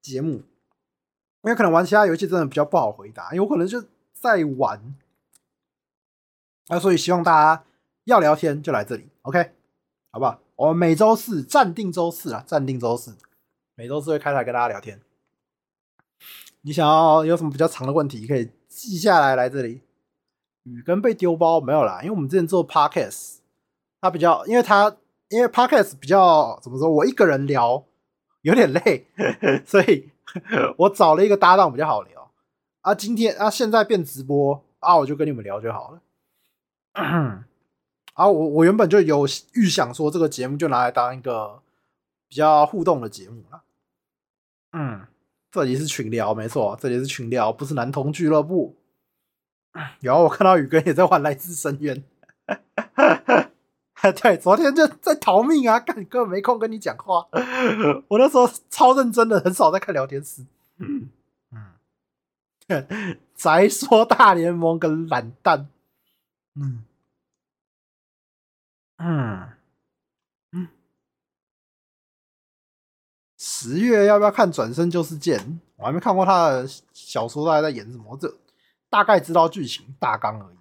節目。因為可能玩其他遊戲真的比較不好回答，因為我可能就在玩。那、啊、所以希望大家要聊天就來這裡，OK，好不好？我們每週四暫定週四啊，暫定週四，每週四會開台跟大家聊天。你想要有什麼比較長的問題，可以記下來來這裡。雨、嗯、跟被丟包沒有啦，因為我們之前做 Podcast，它比較，因為它因為 Podcast 比較怎麼說，我一個人聊有點累，呵呵所以我找了一個搭檔比較好聊啊。今天啊，現在變直播啊，我就跟你們聊就好了。 啊，我我原本就有預想說這個節目就拿來當一個比較互動的節目了。嗯，這裡是群聊，沒錯，這裡是群聊，不是男同俱樂部。然後我看到宇哥也在玩《來自深淵。》 對，昨天就在逃命啊，幹，根本沒空跟你講話。我，我那時候超認真的，很少在看聊天室。嗯嗯， 宅說大聯盟跟懶蛋。嗯。嗯，嗯，十月要不要看《轉生就是劍》？我還沒看過他的小說，大家在演什麼這？這大概知道劇情大綱而已。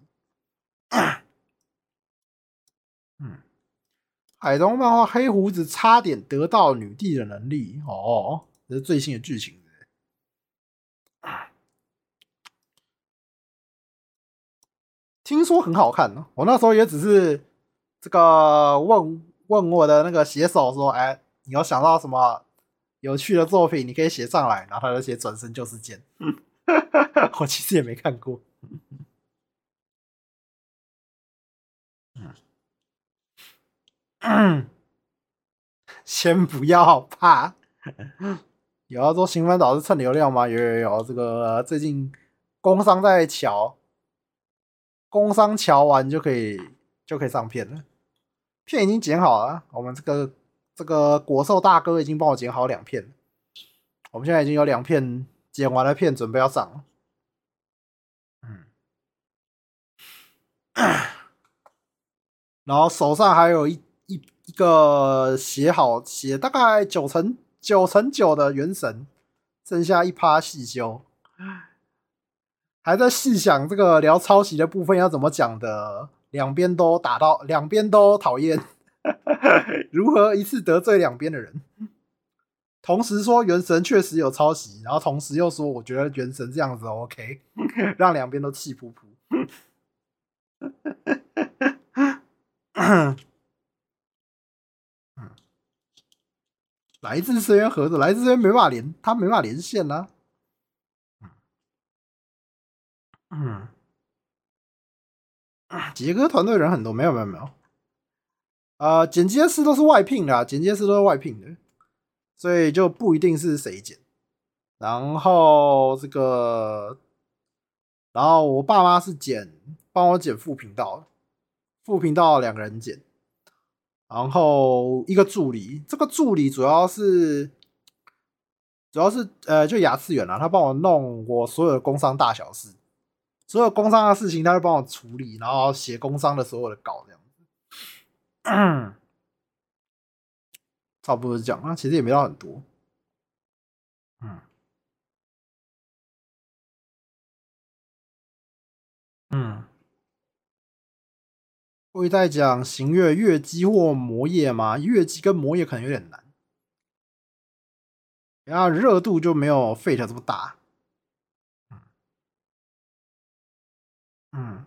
嗯，海東漫畫《黑鬍子》差點得到女帝的能力哦，這是最新的劇情。聽說很好看呢。我那時候也只是。這個問問我的那個寫手說：“哎，你有想到什麼有趣的作品？你可以寫上來。”然後他就寫“轉身就是劍”。嗯、 我其實也沒看過。嗯嗯、先不要怕。 有要做《新聞島》是蹭流量嗎？有有有！這個、呃、最近工商在喬，工商喬完就可以就可以上片了。片已經剪好了，我們這個這個國壽大哥已經幫我剪好兩片，我們現在已經有兩片剪完了，片準備要上了。嗯，然後手上還有一一一,一個寫好寫大概九成九成九的原神，剩下一趴細修，還在細想這個聊抄襲的部分要怎麼講的。兩邊都打到，兩邊都討厭，如何一次得罪兩邊的人？同時說原神確實有抄襲，然後同時又說我覺得原神這樣子 OK，讓兩邊都氣噗噗。來自深淵盒子，來自深淵沒法連，他沒法連線啊。嗯嗯傑哥團隊人很多，沒有沒有沒有。呃，剪輯師都是外聘的，啊，剪輯師都是外聘的，所以就不一定是誰剪。然後這個，然後我爸媽是剪，幫我剪副頻道，副頻道兩個人剪，然後一個助理，這個助理主要是，主要是呃，就牙齒遠啦，他幫我弄我所有的工商大小事。所有工商的事情，他就幫我處理，然後寫工商的所有的稿這樣子，嗯、差不多是這樣，那其實也沒到很多，嗯，嗯，會再講型月月姬或魔夜嘛？月姬跟魔夜可能有點難，然後熱度就沒有 Fate 這麼大。嗯，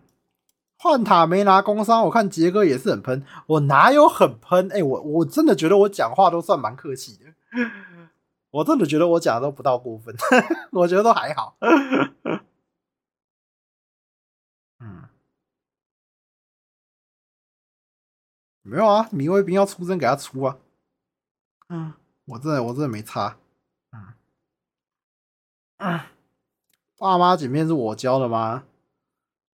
換塔沒拿工傷，我看傑哥也是很噴，我哪有很噴？哎、欸，我我真的覺得我講話都算蠻客氣的，我真的覺得我講的都不到過分， 我覺得都還好。 嗯，沒有啊，明衛兵要出征給他出啊，嗯，我真的我真的沒差，嗯，嗯，爸媽剪片是我教的嗎？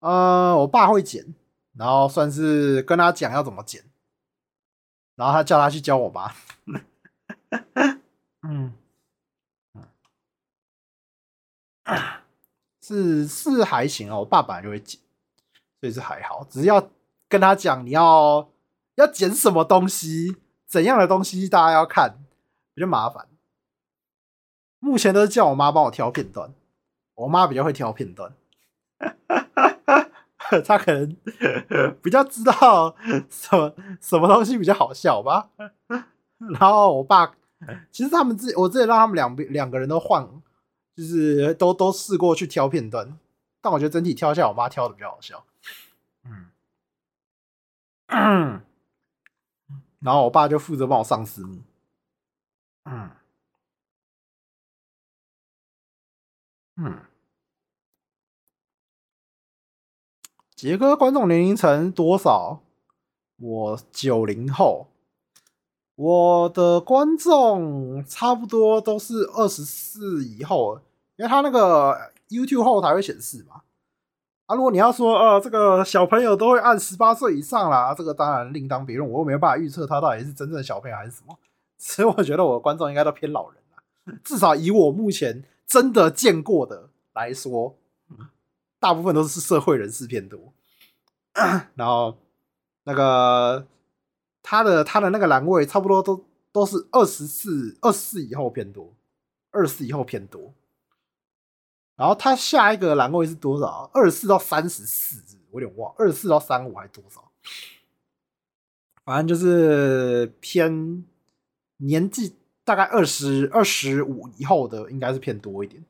呃，我爸會剪，然後算是跟他講要怎麼剪，然後他叫他去教我媽。 嗯，是是還行哦，我爸本來就會剪，所以是還好。只是要跟他講你要要剪什麼東西，怎樣的東西大家要看，比較麻煩。目前都是叫我媽幫我挑片段，我媽比較會挑片段。 他可能比較知道什麼、什麼東西比較好笑吧。然後我爸其實他們自己，我自己讓他們兩邊兩個人都換，就是都都試過去挑片段，但我覺得整體挑一下，我媽挑的比較好笑嗯。嗯，然後我爸就負責幫我上十嗯嗯。嗯杰哥，觀眾年齡層多少？我九零後，我的觀眾差不多都是二十四以後，因為他那個 YouTube 後台會顯示嘛。啊，如果你要說，呃，這個小朋友都會按十八歲以上啦，這個當然另當別論，我又沒辦法預測他到底是真正的小朋友還是什麼。所以我覺得我的觀眾應該都偏老人啦，至少以我目前真的見過的來說。嗯大部分都是社會人士偏多，然後那個他的他的那個欄位差不多都都是二十四、二十四以後偏多，二十四以後偏多。然後他下一個欄位是多少？二十四到三十四，我有點忘，二十四到三十五還多少？反正就是偏年紀大概二十二十五以後的，應該是偏多一點。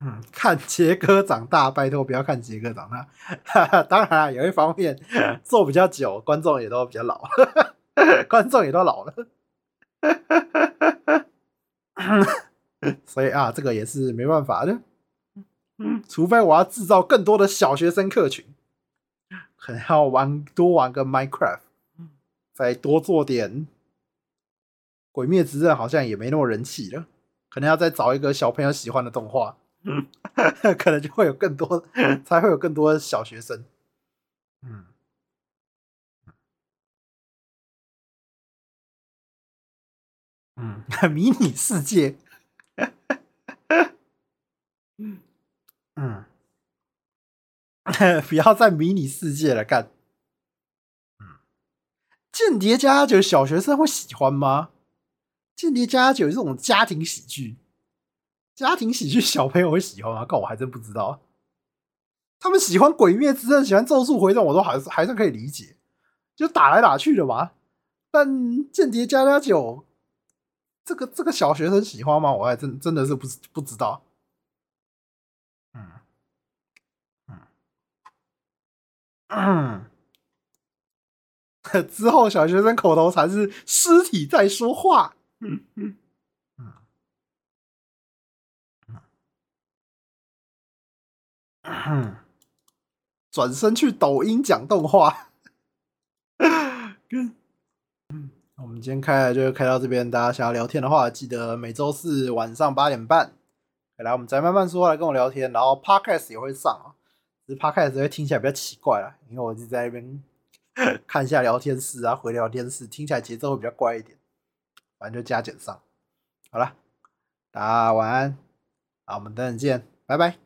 嗯，看杰哥長大，拜託不要看杰哥長大。 當然啊，有一方面做比較久，觀眾也都比較老， 觀眾也都老了。 所以啊，這個也是沒辦法的。 除非我要製造更多的小學生客群，可能要玩多玩個 Minecraft，再多做點《鬼滅之刃》，好像也沒那麼人氣了，可能要再找一個小朋友喜歡的動畫。 可能就會有更多，才會有更多小學生。嗯，嗯，迷你世界， 嗯 不要再迷你世界了，幹。嗯，間諜家家酒小學生會喜歡嗎？間諜家家酒有這種家庭喜劇。家庭喜劇小朋友會喜歡嗎？告我還真不知道。他們喜歡《鬼滅之刃》、喜歡《咒術迴戰》，我都還是還算可以理解，就打來打去的嘛。但《間諜家家酒》這個這個小學生喜歡嗎？我還真真的是不不知道。嗯嗯,嗯，之後小學生口頭禪是“屍體在說話”呵呵。嗯。嗯。轉身去抖音講動畫。嗯，我們今天開來就開到這邊，大家想要聊天的話，記得每週四晚上八點半來，我們再慢慢說話來跟我聊天。然後 Podcast 也會上啊，只是 Podcast 會聽起來比較奇怪了，因為我就在那邊看一下聊天室啊，回聊天室，聽起來節奏會比較怪一點。反正就加減上好了，大家晚安啊，我們等等見，拜拜